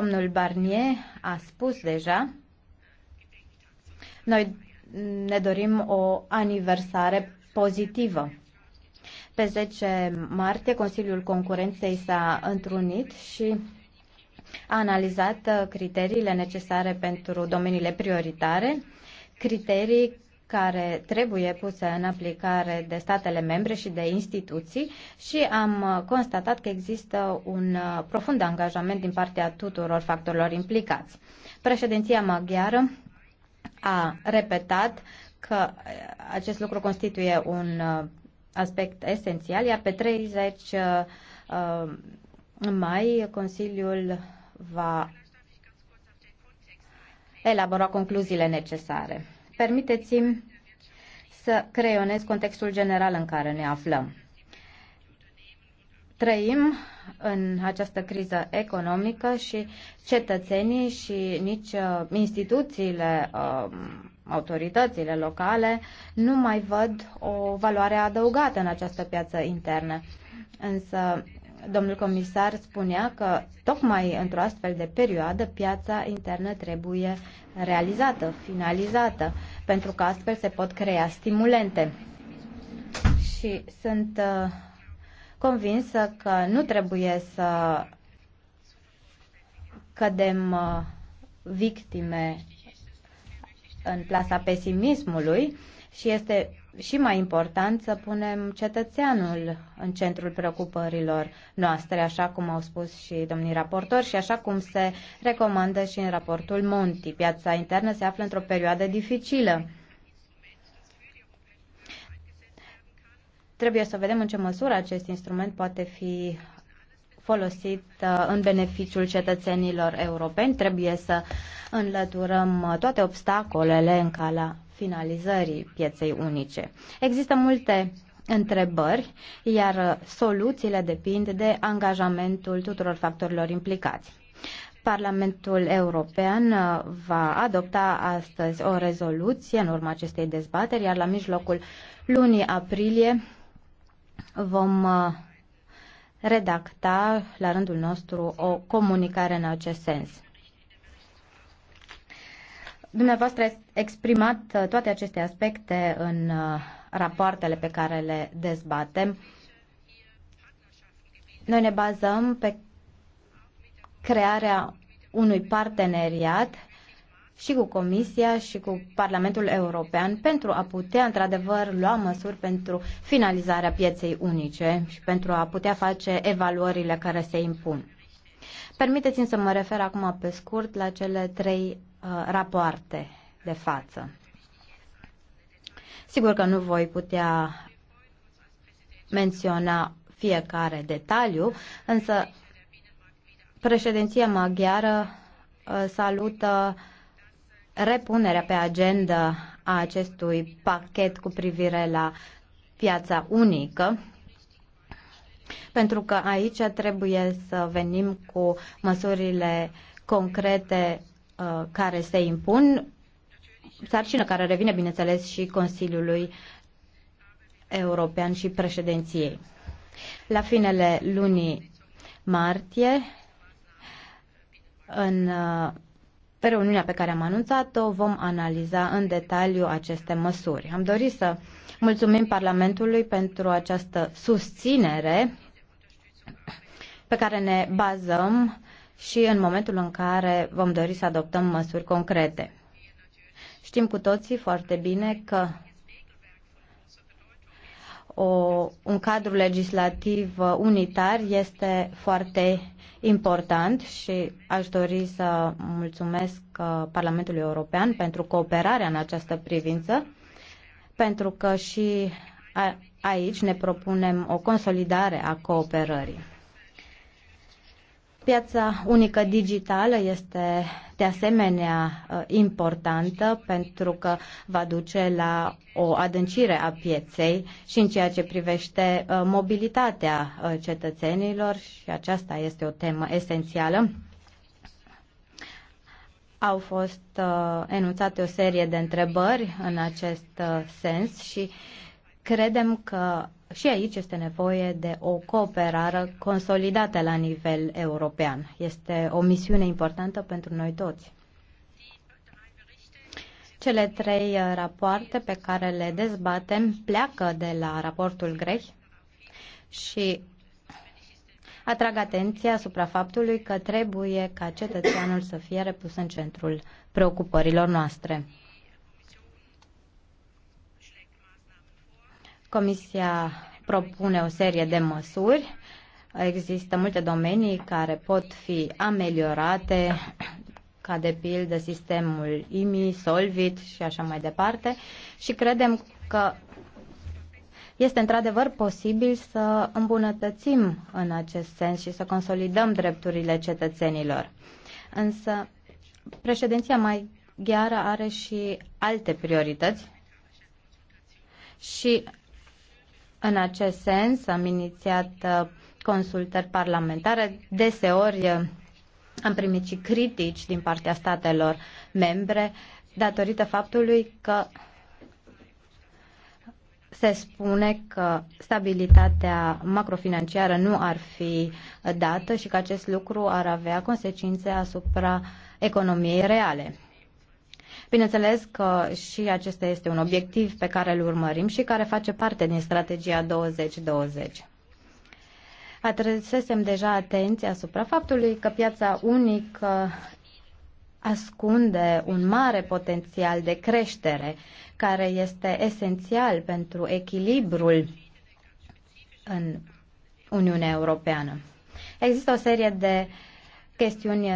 Domnul Barnier a spus deja, noi ne dorim o aniversare pozitivă. Pe 10 martie, Consiliul Concurenței s-a întrunit și a analizat criteriile necesare pentru domeniile prioritare, criterii care trebuie puse în aplicare de statele membre și de instituții și am uh, constatat că există un uh, profund angajament din partea tuturor factorilor implicați. Președinția maghiară a repetat că uh, acest lucru constituie un aspect esențial, iar pe 30 mai Consiliul va elabora concluziile necesare. Permiteți-mi să creionez contextul general în care ne aflăm. Trăim în această criză economică și cetățenii și nici uh, instituțiile, um, autoritățile locale nu mai văd o valoare adăugată în această piață internă. Însă domnul comisar spunea că tocmai într-o astfel de perioadă piața internă trebuie realizată, finalizată, pentru că astfel se pot crea stimulente. Și sunt uh, convinsă că nu trebuie să cădem uh, victime în plasa pesimismului și este și mai important să punem cetățeanul în centrul preocupărilor noastre, așa cum au spus și domnii raportori și așa cum se recomandă și în raportul Monti. Piața internă se află într-o perioadă dificilă. Trebuie să vedem în ce măsură acest instrument poate fi folosit uh, în beneficiul cetățenilor europeni. Trebuie să înlăturăm uh, toate obstacolele în calea finalizării pieței unice. Există multe întrebări, iar soluțiile depind de angajamentul tuturor factorilor implicați. Parlamentul European uh, va adopta astăzi o rezoluție în urma acestei dezbateri, iar la mijlocul lunii aprilie vom uh, redacta la rândul nostru o comunicare în acest sens. Dumneavoastră ați exprimat uh, toate aceste aspecte în uh, rapoartele pe care le dezbatem. Noi ne bazăm pe crearea unui parteneriat și cu Comisia și cu Parlamentul European pentru a putea, într-adevăr, lua măsuri pentru finalizarea pieței unice și pentru a putea face evaluările care se impun. Permiteți-mi să mă refer acum pe scurt la cele trei Uh, rapoarte de față. Sigur că nu voi putea menționa fiecare detaliu, însă președinția maghiară uh, salută repunerea pe agenda a acestui pachet cu privire la piața unică, pentru că aici trebuie să venim cu măsurile concrete Uh, care se impun, sarcină care revine, bineînțeles, și Consiliului European și președinției. La finele lunii martie, în uh, reuniunea pe care am anunțat-o vom analiza în detaliu aceste măsuri. Am dorit să mulțumim Parlamentului pentru această susținere pe care ne bazăm și în momentul în care vom dori să adoptăm măsuri concrete. Știm cu toții foarte bine că o, un cadru legislativ unitar este foarte important și aș dori să mulțumesc uh, Parlamentului European pentru cooperarea în această privință, pentru că și aici ne propunem o consolidare a cooperării. Piața unică digitală este de asemenea uh, importantă pentru că va duce la o adâncire a pieței și în ceea ce privește uh, mobilitatea uh, cetățenilor și aceasta este o temă esențială. Au fost enunțate o serie de întrebări în acest sens și credem că și aici este nevoie de o cooperare consolidată la nivel european. Este o misiune importantă pentru noi toți. Cele trei uh, rapoarte pe care le dezbatem pleacă de la raportul grech și atrag atenția asupra faptului că trebuie ca cetățeanul să fie repus în centrul preocupărilor noastre. Comisia propune o serie de măsuri. Există multe domenii care pot fi ameliorate, ca de pildă sistemul IMI, Solvit și așa mai departe. Și credem că este într-adevăr posibil să îmbunătățim în acest sens și să consolidăm drepturile cetățenilor. Însă, președinția gheară are și alte priorități și în acest sens am inițiat uh, consultări parlamentare. Deseori uh, am primit și critici din partea statelor membre datorită faptului că se spune că stabilitatea macrofinanciară nu ar fi dată și că acest lucru ar avea consecințe asupra economiei reale. Bineînțeles că și acesta este un obiectiv pe care îl urmărim și care face parte din strategia 2020. Atrăsesem deja atenția asupra faptului că piața unică ascunde un mare potențial de creștere care este esențial pentru echilibrul în Uniunea Europeană. Există o serie de chestiuni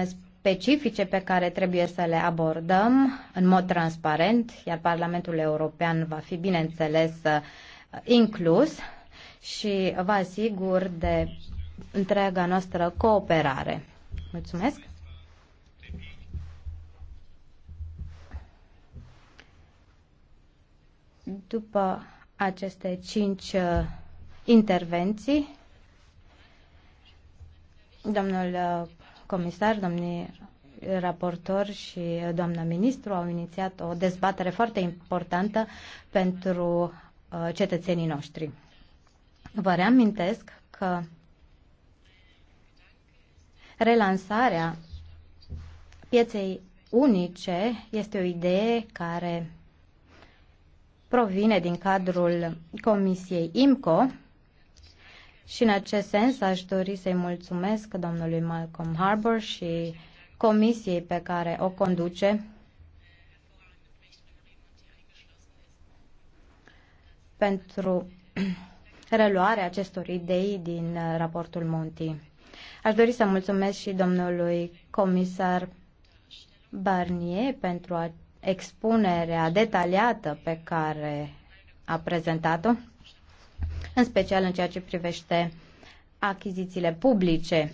specifice pe care trebuie să le abordăm în mod transparent, iar Parlamentul European va fi, bineînțeles, inclus și vă asigur de întreaga noastră cooperare. Mulțumesc! După aceste cinci uh, intervenții, domnul uh, comisar, domnii raportor și doamna ministru au inițiat o dezbatere foarte importantă pentru uh, cetățenii noștri. Vă reamintesc că relansarea pieței unice este o idee care provine din cadrul Comisiei IMCO, și în acest sens aș dori să-i mulțumesc domnului Malcolm Harbour și comisiei pe care o conduce pentru reluarea acestor idei din raportul Monti. Aș dori să mulțumesc și domnului comisar Barnier pentru expunerea detaliată pe care a prezentat-o în special în ceea ce privește achizițiile publice,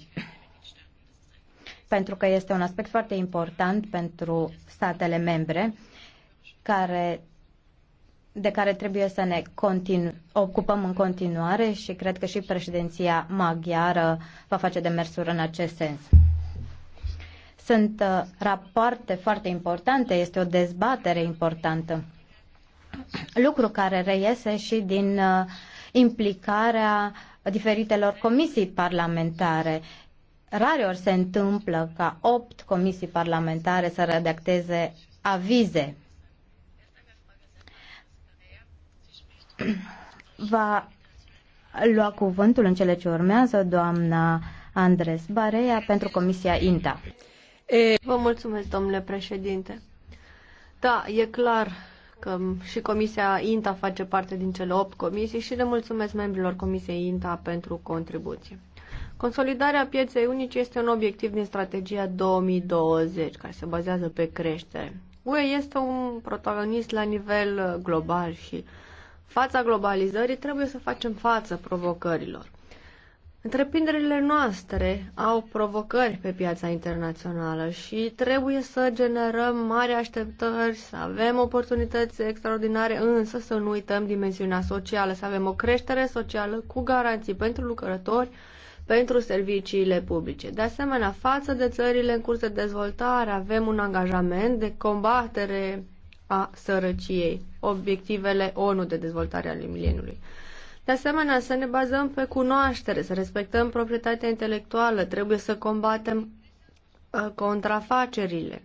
pentru că este un aspect foarte important pentru statele membre care de care trebuie să ne continu- ocupăm în continuare și cred că și președinția maghiară va face demersuri în acest sens. Sunt uh, rapoarte foarte importante, este o dezbatere importantă, lucru care reiese și din uh, implicarea diferitelor comisii parlamentare. Rareori se întâmplă ca opt comisii parlamentare să redacteze avize. Va lua cuvântul în cele ce urmează doamna Andres Barea pentru Comisia INTA. Vă mulțumesc, domnule președinte. Da, e clar că și Comisia INTA face parte din cele 8 comisii și le mulțumesc membrilor Comisiei INTA pentru contribuție. Consolidarea pieței unice este un obiectiv din strategia 2020, care se bazează pe creștere. UE este un protagonist la nivel global și fața globalizării trebuie să facem față provocărilor. Întreprinderile noastre au provocări pe piața internațională și trebuie să generăm mari așteptări, să avem oportunități extraordinare, însă să nu uităm dimensiunea socială, să avem o creștere socială cu garanții pentru lucrători, pentru serviciile publice. De asemenea, față de țările în curs de dezvoltare, avem un angajament de combatere a sărăciei, obiectivele ONU de dezvoltare ale mileniului. De asemenea, să ne bazăm pe cunoaștere, să respectăm proprietatea intelectuală, trebuie să combatem ă, contrafacerile.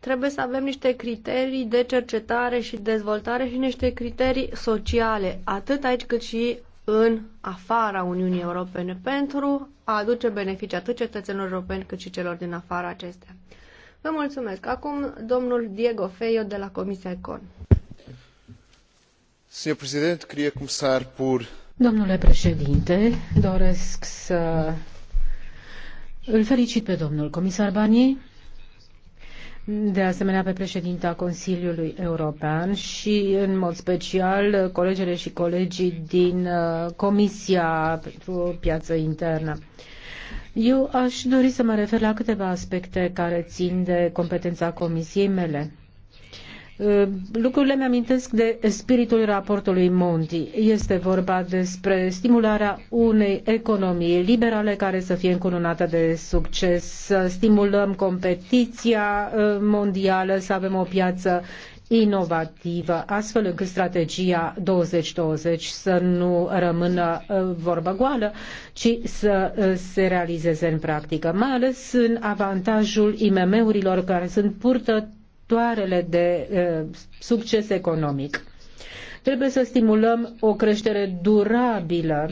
Trebuie să avem niște criterii de cercetare și dezvoltare și niște criterii sociale, atât aici cât și în afara Uniunii Europene, pentru a aduce beneficii atât cetățenilor europeni cât și celor din afara acestea. Vă mulțumesc. Acum domnul Diego Feio de la Comisia Econ. Domnule președinte, doresc să îl felicit pe domnul comisar Barnier, de asemenea pe președinta Consiliului European și, în mod special, colegele și colegii din uh, Comisia pentru piața Internă. Eu aș dori să mă refer la câteva aspecte care țin de competența comisiei mele. Eh, lucrurile mi-amintesc de spiritul raportului Monti. Este vorba despre stimularea unei economii liberale care să fie încununată de succes, să stimulăm competiția eh, mondială, să avem o piață inovativă, astfel încât strategia 2020 să nu rămână eh, vorbă goală, ci să se realizeze în practică, mai ales în avantajul IMM-urilor care sunt purtători sectoarele de succes economic. Trebuie să stimulăm o creștere durabilă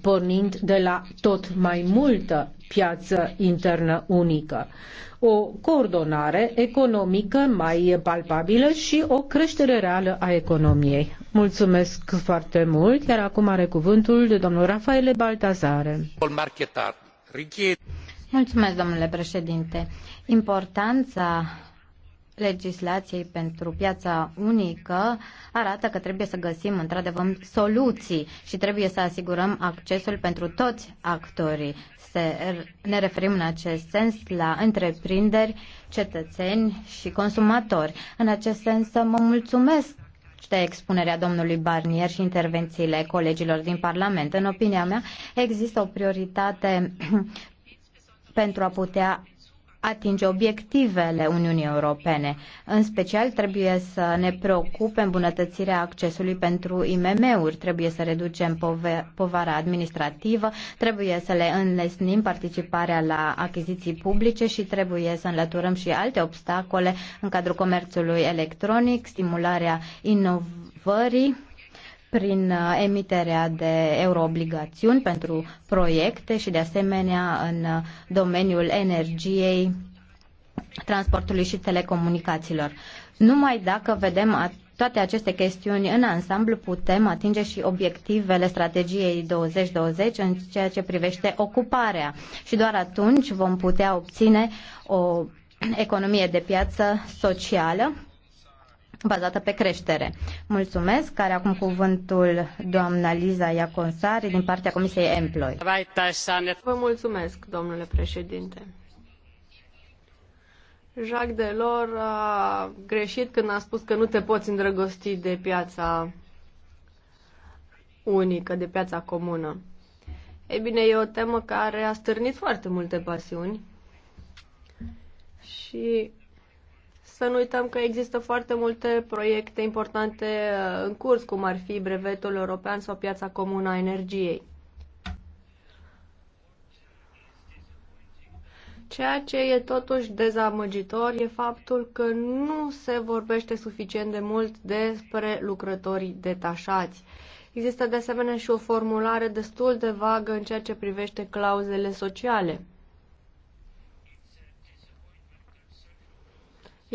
pornind de la tot mai multă piață internă unică, o coordonare economică mai palpabilă și o creștere reală a economiei. Mulțumesc foarte mult, iar acum are cuvântul de domnul Rafaele Baltazare. Mulțumesc, domnule președinte. Importanța legislației pentru piața unică arată că trebuie să găsim într-adevăr soluții și trebuie să asigurăm accesul pentru toți actorii. Se, ne referim în acest sens la întreprinderi, cetățeni și consumatori. În acest sens mă mulțumesc de expunerea domnului Barnier și intervențiile colegilor din Parlament. În opinia mea, există o prioritate *clears throat* pentru a putea atinge obiectivele Uniunii Europene. În special trebuie să ne preocupe îmbunătățirea accesului pentru IMM-uri, trebuie să reducem povara administrativă, trebuie să le înlesnim participarea la achiziții publice și trebuie să înlăturăm și alte obstacole în cadrul comerțului electronic, stimularea inovării prin uh, emiterea de euroobligațiuni pentru proiecte și de asemenea în uh, domeniul energiei, transportului și telecomunicațiilor. Numai dacă vedem toate aceste chestiuni în ansamblu, putem atinge și obiectivele strategiei 2020 în ceea ce privește ocuparea și doar atunci vom putea obține o economie de piață socială bazată pe creștere. Mulțumesc, care acum cuvântul doamna Liza Iaconsari din partea Comisiei Employ. Vă mulțumesc, domnule președinte. Jacques Delors a greșit când a spus că nu te poți îndrăgosti de piața unică, de piața comună. Ei bine, e o temă care a stârnit foarte multe pasiuni și să nu uităm că există foarte multe proiecte importante uh, în curs, cum ar fi brevetul european sau piața comună a energiei. Ceea ce e totuși dezamăgitor e faptul că nu se vorbește suficient de mult despre lucrătorii detașați. Există de asemenea și o formulare destul de vagă în ceea ce privește clauzele sociale.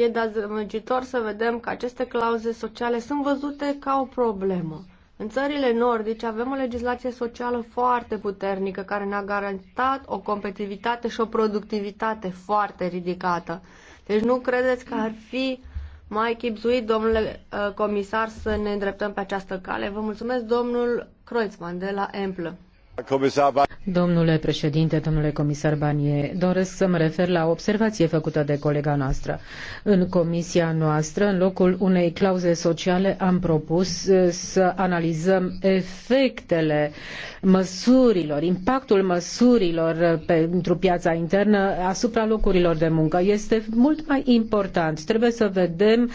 E dezamăgitor să vedem că aceste clauze sociale sunt văzute ca o problemă. În țările nordice avem o legislație socială foarte puternică care ne-a garantat o competitivitate și o productivitate foarte ridicată. Deci nu credeți că ar fi mai chipzuit, domnule uh, comisar, să ne îndreptăm pe această cale? Vă mulțumesc, domnul Kreuzmann de la Emplă. Comisar Domnule președinte, domnule comisar Banier, doresc să mă refer la observație făcută de colega noastră. În comisia noastră, în locul unei clauze sociale, am propus eh, să analizăm efectele măsurilor, impactul măsurilor eh, pentru piața internă asupra locurilor de muncă. Este mult mai important. Trebuie să vedem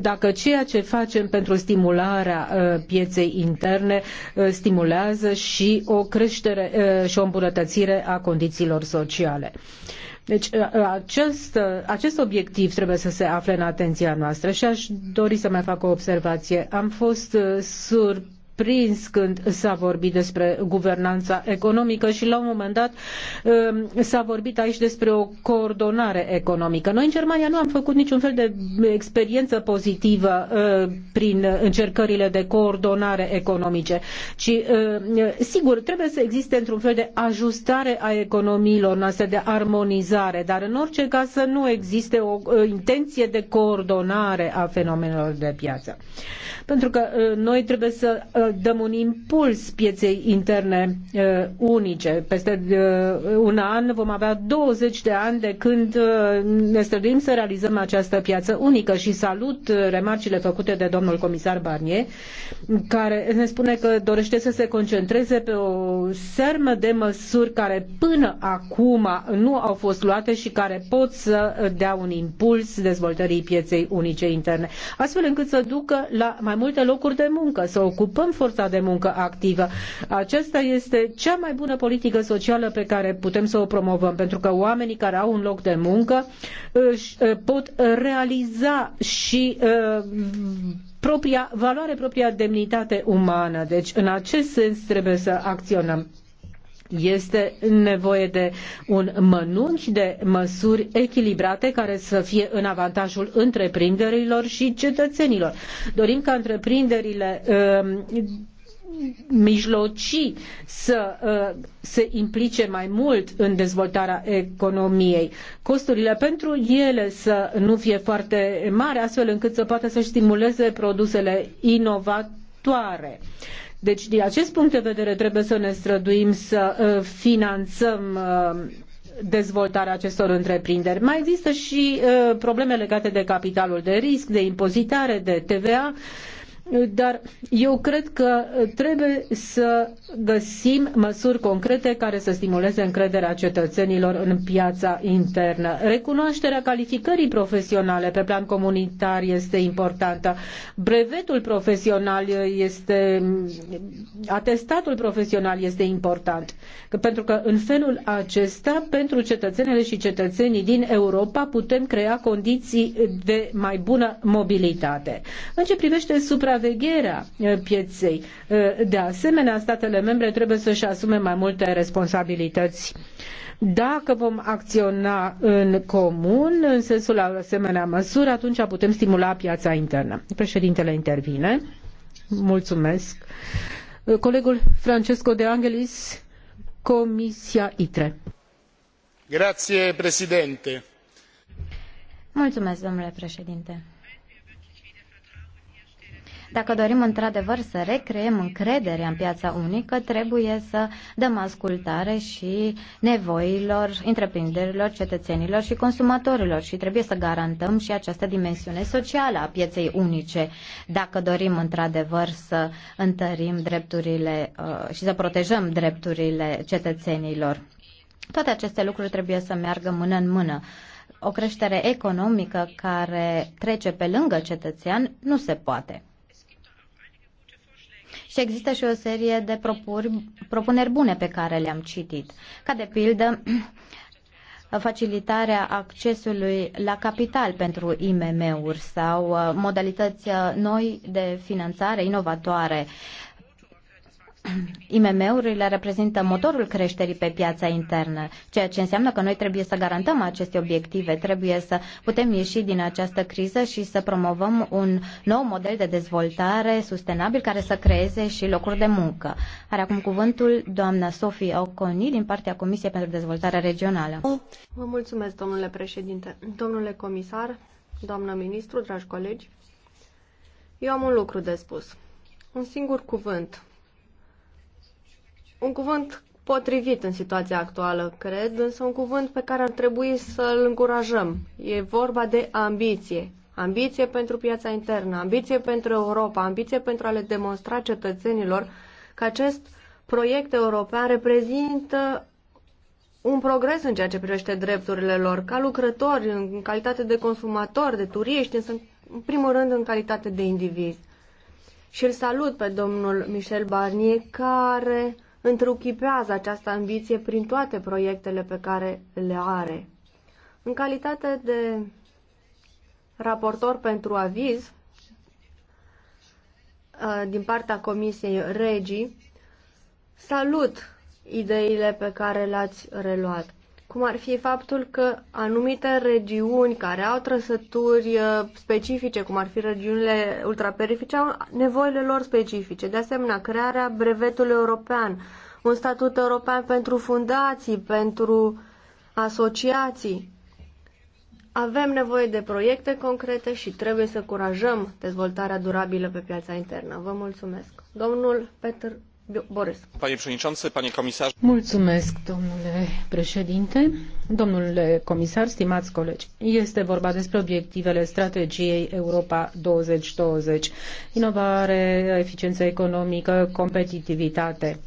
dacă ceea ce facem pentru stimularea eh, pieței interne stimulează și o creștere și o îmbunătățire a condițiilor sociale. Deci acest, acest obiectiv trebuie să se afle în atenția noastră și aș dori să mai fac o observație. Am fost uh, surprins surprins când s-a vorbit despre guvernanța economică și la un moment dat um, s-a vorbit aici despre o coordonare economică. Noi în Germania nu am făcut niciun fel de experiență pozitivă uh, prin încercările de coordonare economice, ci uh, sigur trebuie să existe într-un fel de ajustare a economiilor noastre, de armonizare, dar în orice caz să nu existe o uh, intenție de coordonare a fenomenelor de piață. Pentru că noi trebuie să dăm un impuls pieței interne uh, unice. Peste uh, un an vom avea 20 de ani de când uh, ne străduim să realizăm această piață unică și salut remarcile făcute de domnul comisar Barnier, care ne spune că dorește să se concentreze pe o sermă de măsuri care până acum nu au fost luate și care pot să dea un impuls dezvoltării pieței unice interne, astfel încât să ducă la mai multe locuri de muncă, să ocupăm forța de muncă activă. Aceasta este cea mai bună politică socială pe care putem să o promovăm, pentru că oamenii care au un loc de muncă își uh, pot realiza și uh, propria valoare, propria demnitate umană. Deci, în acest sens trebuie să acționăm. Este nevoie de un mănunchi de măsuri echilibrate care să fie în avantajul întreprinderilor și cetățenilor. Dorim ca întreprinderile um, mijlocii să uh, se implice mai mult în dezvoltarea economiei, costurile pentru ele să nu fie foarte mari, astfel încât să poată să stimuleze produsele inovatoare. Deci, din acest punct de vedere, trebuie să ne străduim să uh, finanțăm uh, dezvoltarea acestor întreprinderi. Mai există și uh, probleme legate de capitalul de risc, de impozitare, de TVA dar eu cred că trebuie să găsim măsuri concrete care să stimuleze încrederea cetățenilor în piața internă. Recunoașterea calificării profesionale pe plan comunitar este importantă. Brevetul profesional este atestatul profesional este important, pentru că în felul acesta pentru cetățenele și cetățenii din Europa putem crea condiții de mai bună mobilitate. În ce privește supra supravegherea pieței. De asemenea, statele membre trebuie să-și asume mai multe responsabilități. Dacă vom acționa în comun, în sensul la asemenea măsuri, atunci putem stimula piața internă. Președintele intervine. Mulțumesc. Colegul Francesco de Angelis, Comisia ITRE. Grazie, Mulțumesc, domnule președinte. Dacă dorim într-adevăr să recreăm încrederea în piața unică, trebuie să dăm ascultare și nevoilor întreprinderilor, cetățenilor și consumatorilor și trebuie să garantăm și această dimensiune socială a pieței unice. Dacă dorim într-adevăr să întărim drepturile uh, și să protejăm drepturile cetățenilor. Toate aceste lucruri trebuie să meargă mână în mână. O creștere economică care trece pe lângă cetățean nu se poate și există și o serie de propuri, propuneri bune pe care le-am citit, ca de pildă *clears throat* facilitarea accesului la capital pentru IMM-uri sau uh, modalități uh, noi de finanțare inovatoare *clears throat* IMM-urile reprezintă motorul creșterii pe piața internă, ceea ce înseamnă că noi trebuie să garantăm aceste obiective, trebuie să putem ieși din această criză și să promovăm un nou model de dezvoltare sustenabil care să creeze și locuri de muncă. Are acum cuvântul doamna Sofie Oconi din partea Comisiei pentru Dezvoltare Regională. Vă mulțumesc, domnule președinte, domnule comisar, doamnă ministru, dragi colegi. Eu am un lucru de spus. Un singur cuvânt un cuvânt potrivit în situația actuală, cred, însă un cuvânt pe care ar trebui să-l încurajăm. E vorba de ambiție. Ambiție pentru piața internă, ambiție pentru Europa, ambiție pentru a le demonstra cetățenilor că acest proiect european reprezintă un progres în ceea ce privește drepturile lor, ca lucrători, în calitate de consumatori, de turiști, însă în primul rând în calitate de indivizi. Și îl salut pe domnul Michel Barnier, care întruchipează această ambiție prin toate proiectele pe care le are. În calitate de raportor pentru aviz uh, din partea Comisiei Regii, salut ideile pe care le-ați reluat cum ar fi faptul că anumite regiuni care au trăsături uh, specifice, cum ar fi regiunile ultraperifice, au nevoile lor specifice. De asemenea, crearea brevetului european, un statut european pentru fundații, pentru asociații. Avem nevoie de proiecte concrete și trebuie să curajăm dezvoltarea durabilă pe piața internă. Vă mulțumesc. Domnul Peter Panie președinte, panie comisar. Mulțumesc, domnule președinte, domnule comisar, stimați colegi. Este vorba despre obiectivele strategiei Europa 2020. Inovare, eficiență economică, competitivitate.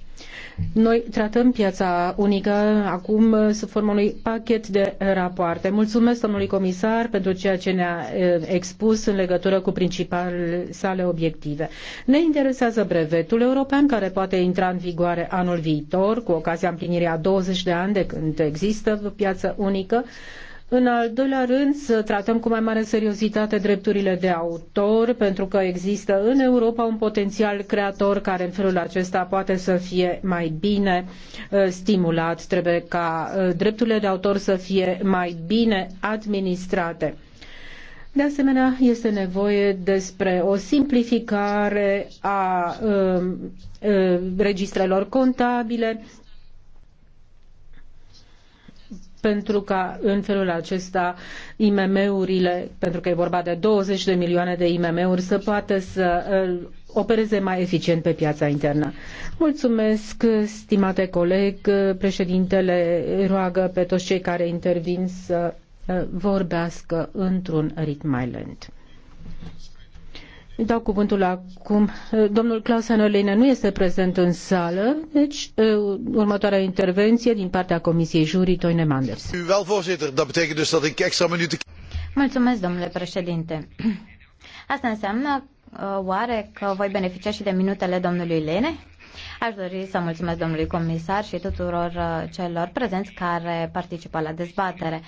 Noi tratăm piața unică acum uh, sub formă unui pachet de rapoarte. Mulțumesc domnului comisar pentru ceea ce ne-a uh, expus în legătură cu principalele sale obiective. Ne interesează brevetul european care poate intra în vigoare anul viitor cu ocazia împlinirii a 20 de ani de când există piață unică în al doilea rând, să tratăm cu mai mare seriozitate drepturile de autor, pentru că există în Europa un potențial creator care în felul acesta poate să fie mai bine uh, stimulat. Trebuie ca uh, drepturile de autor să fie mai bine administrate. De asemenea, este nevoie despre o simplificare a uh, uh, registrelor contabile, pentru ca în felul acesta IMM-urile, pentru că e vorba de 20 de milioane de IMM-uri, să poată să uh, opereze mai eficient pe piața internă. Mulțumesc, stimate coleg, președintele roagă pe toți cei care intervin să uh, vorbească într-un ritm mai lent. Dau cuvântul acum. Domnul Claus Anolina nu este prezent în sală, deci următoarea intervenție din partea Comisiei Jurii Toine Manders. Mulțumesc, domnule președinte. *clears throat* Asta înseamnă uh, oare că voi beneficia și de minutele domnului Lene? Aș dori să mulțumesc domnului comisar și tuturor uh, celor prezenți care participă la dezbatere.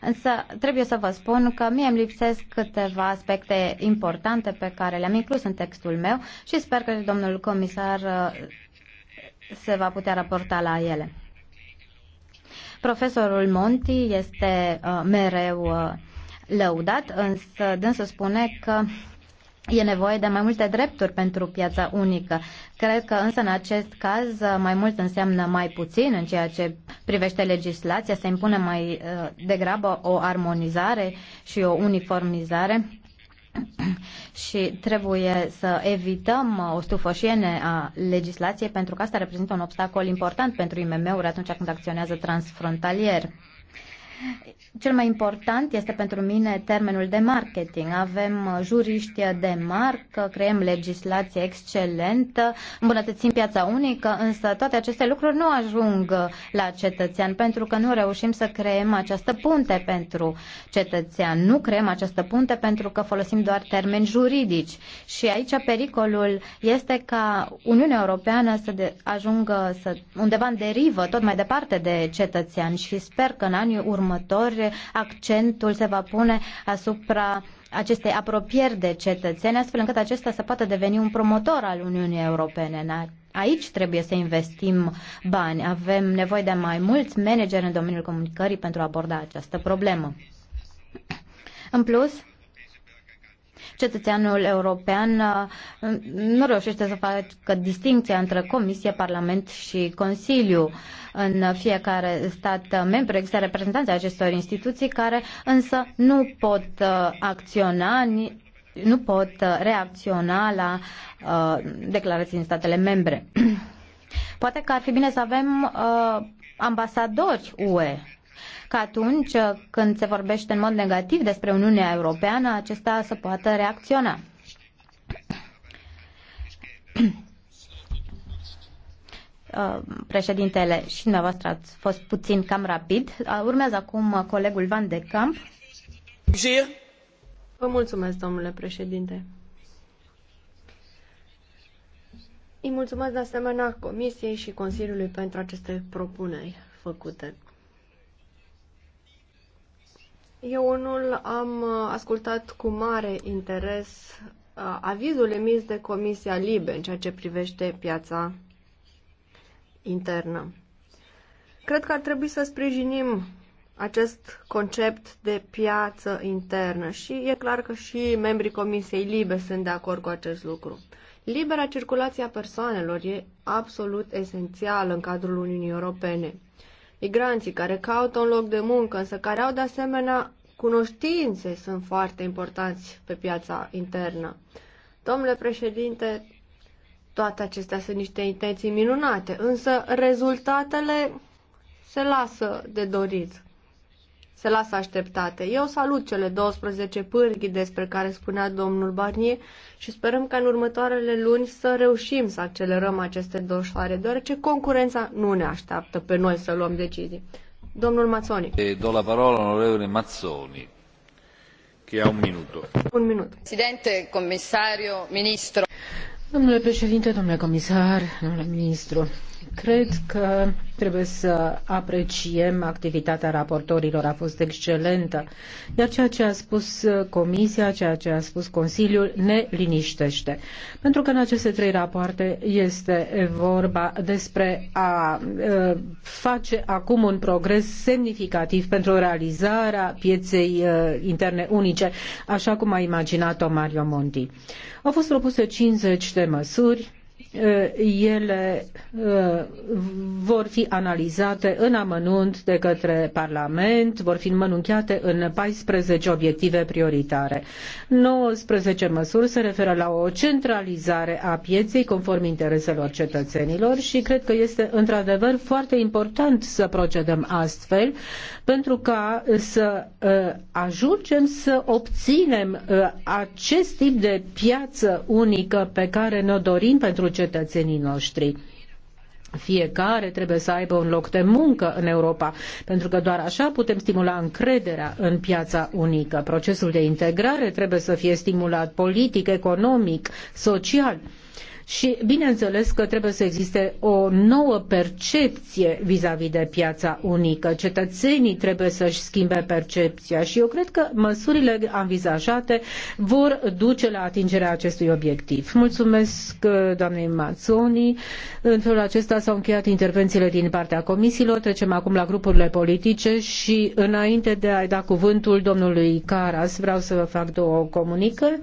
Însă trebuie să vă spun că mie îmi lipsesc câteva aspecte importante pe care le-am inclus în textul meu și sper că domnul comisar uh, se va putea raporta la ele. Profesorul Monti este uh, mereu uh, lăudat, însă dânsul spune că e nevoie de mai multe drepturi pentru piața unică. Cred că însă în acest caz uh, mai mult înseamnă mai puțin în ceea ce privește legislația, se impune mai uh, degrabă o armonizare și o uniformizare *clears throat* și trebuie să evităm uh, o stufășiene a legislației pentru că asta reprezintă un obstacol important pentru IMM-uri atunci când acționează transfrontalier. Cel mai important este pentru mine termenul de marketing. Avem uh, juriști de marcă, creăm legislație excelentă, îmbunătățim piața unică, însă toate aceste lucruri nu ajung la cetățean pentru că nu reușim să creăm această punte pentru cetățean. Nu creăm această punte pentru că folosim doar termeni juridici. Și aici pericolul este ca Uniunea Europeană să de, ajungă să, undeva în derivă, tot mai departe de cetățean și sper că în anii următori următori, accentul se va pune asupra acestei apropieri de cetățeni, astfel încât acesta să poată deveni un promotor al Uniunii Europene. Aici trebuie să investim bani. Avem nevoie de mai mulți manageri în domeniul comunicării pentru a aborda această problemă. În plus, Cetățeanul european uh, nu reușește să facă distinția între Comisie, Parlament și Consiliu. În fiecare stat membru există reprezentanții acestor instituții care însă nu pot uh, acționa nu pot uh, reacționa la uh, declarații în statele membre. *clears throat* Poate că ar fi bine să avem uh, ambasadori UE că atunci când se vorbește în mod negativ despre Uniunea Europeană, acesta să poată reacționa. *clears throat* Președintele și dumneavoastră ați fost puțin cam rapid. Urmează acum colegul Van de Camp. Vă mulțumesc, domnule președinte. Îi mulțumesc de asemenea Comisiei și Consiliului pentru aceste propuneri făcute. Eu unul am uh, ascultat cu mare interes uh, avizul emis de Comisia Libe în ceea ce privește piața internă. Cred că ar trebui să sprijinim acest concept de piață internă și e clar că și membrii Comisiei Libe sunt de acord cu acest lucru. Libera circulație a persoanelor e absolut esențială în cadrul Uniunii Europene migranții care caută un loc de muncă, însă care au de asemenea cunoștințe, sunt foarte importanți pe piața internă. Domnule președinte, toate acestea sunt niște intenții minunate, însă rezultatele se lasă de dorit se lasă așteptate. Eu salut cele 12 pârghii despre care spunea domnul Barnier și sperăm ca în următoarele luni să reușim să accelerăm aceste dosare, deoarece concurența nu ne așteaptă pe noi să luăm decizii. Domnul Mazzoni. Do la parola onorevole Mazzoni. Un minut. Un minut. Presidente, comisario, ministro. Domnule președinte, domnule comisar, domnule ministru, Cred că trebuie să apreciem activitatea raportorilor, a fost excelentă. Iar ceea ce a spus Comisia, ceea ce a spus Consiliul, ne liniștește. Pentru că în aceste trei rapoarte este vorba despre a face acum un progres semnificativ pentru realizarea pieței interne unice, așa cum a imaginat-o Mario Monti. Au fost propuse 50 de măsuri, Eh, ele eh, vor fi analizate în amănunt de către Parlament, vor fi înmănunchiate în 14 obiective prioritare. 19 măsuri se referă la o centralizare a pieței conform intereselor cetățenilor și cred că este într-adevăr foarte important să procedăm astfel pentru ca să eh, ajungem să obținem acest tip de piață unică pe care ne-o dorim pentru cetățenii cetățenii noștri. Fiecare trebuie să aibă un loc de muncă în Europa, pentru că doar așa putem stimula încrederea în piața unică. Procesul de integrare trebuie să fie stimulat politic, economic, social. Și bineînțeles că trebuie să existe o nouă percepție vis-a-vis -vis de piața unică. Cetățenii trebuie să-și schimbe percepția și eu cred că măsurile anvizajate vor duce la atingerea acestui obiectiv. Mulțumesc uh, doamnei Mazzoni. În felul acesta s-au încheiat intervențiile din partea comisiilor. Trecem acum la grupurile politice și înainte de a-i da cuvântul domnului Caras, vreau să vă fac două comunicări.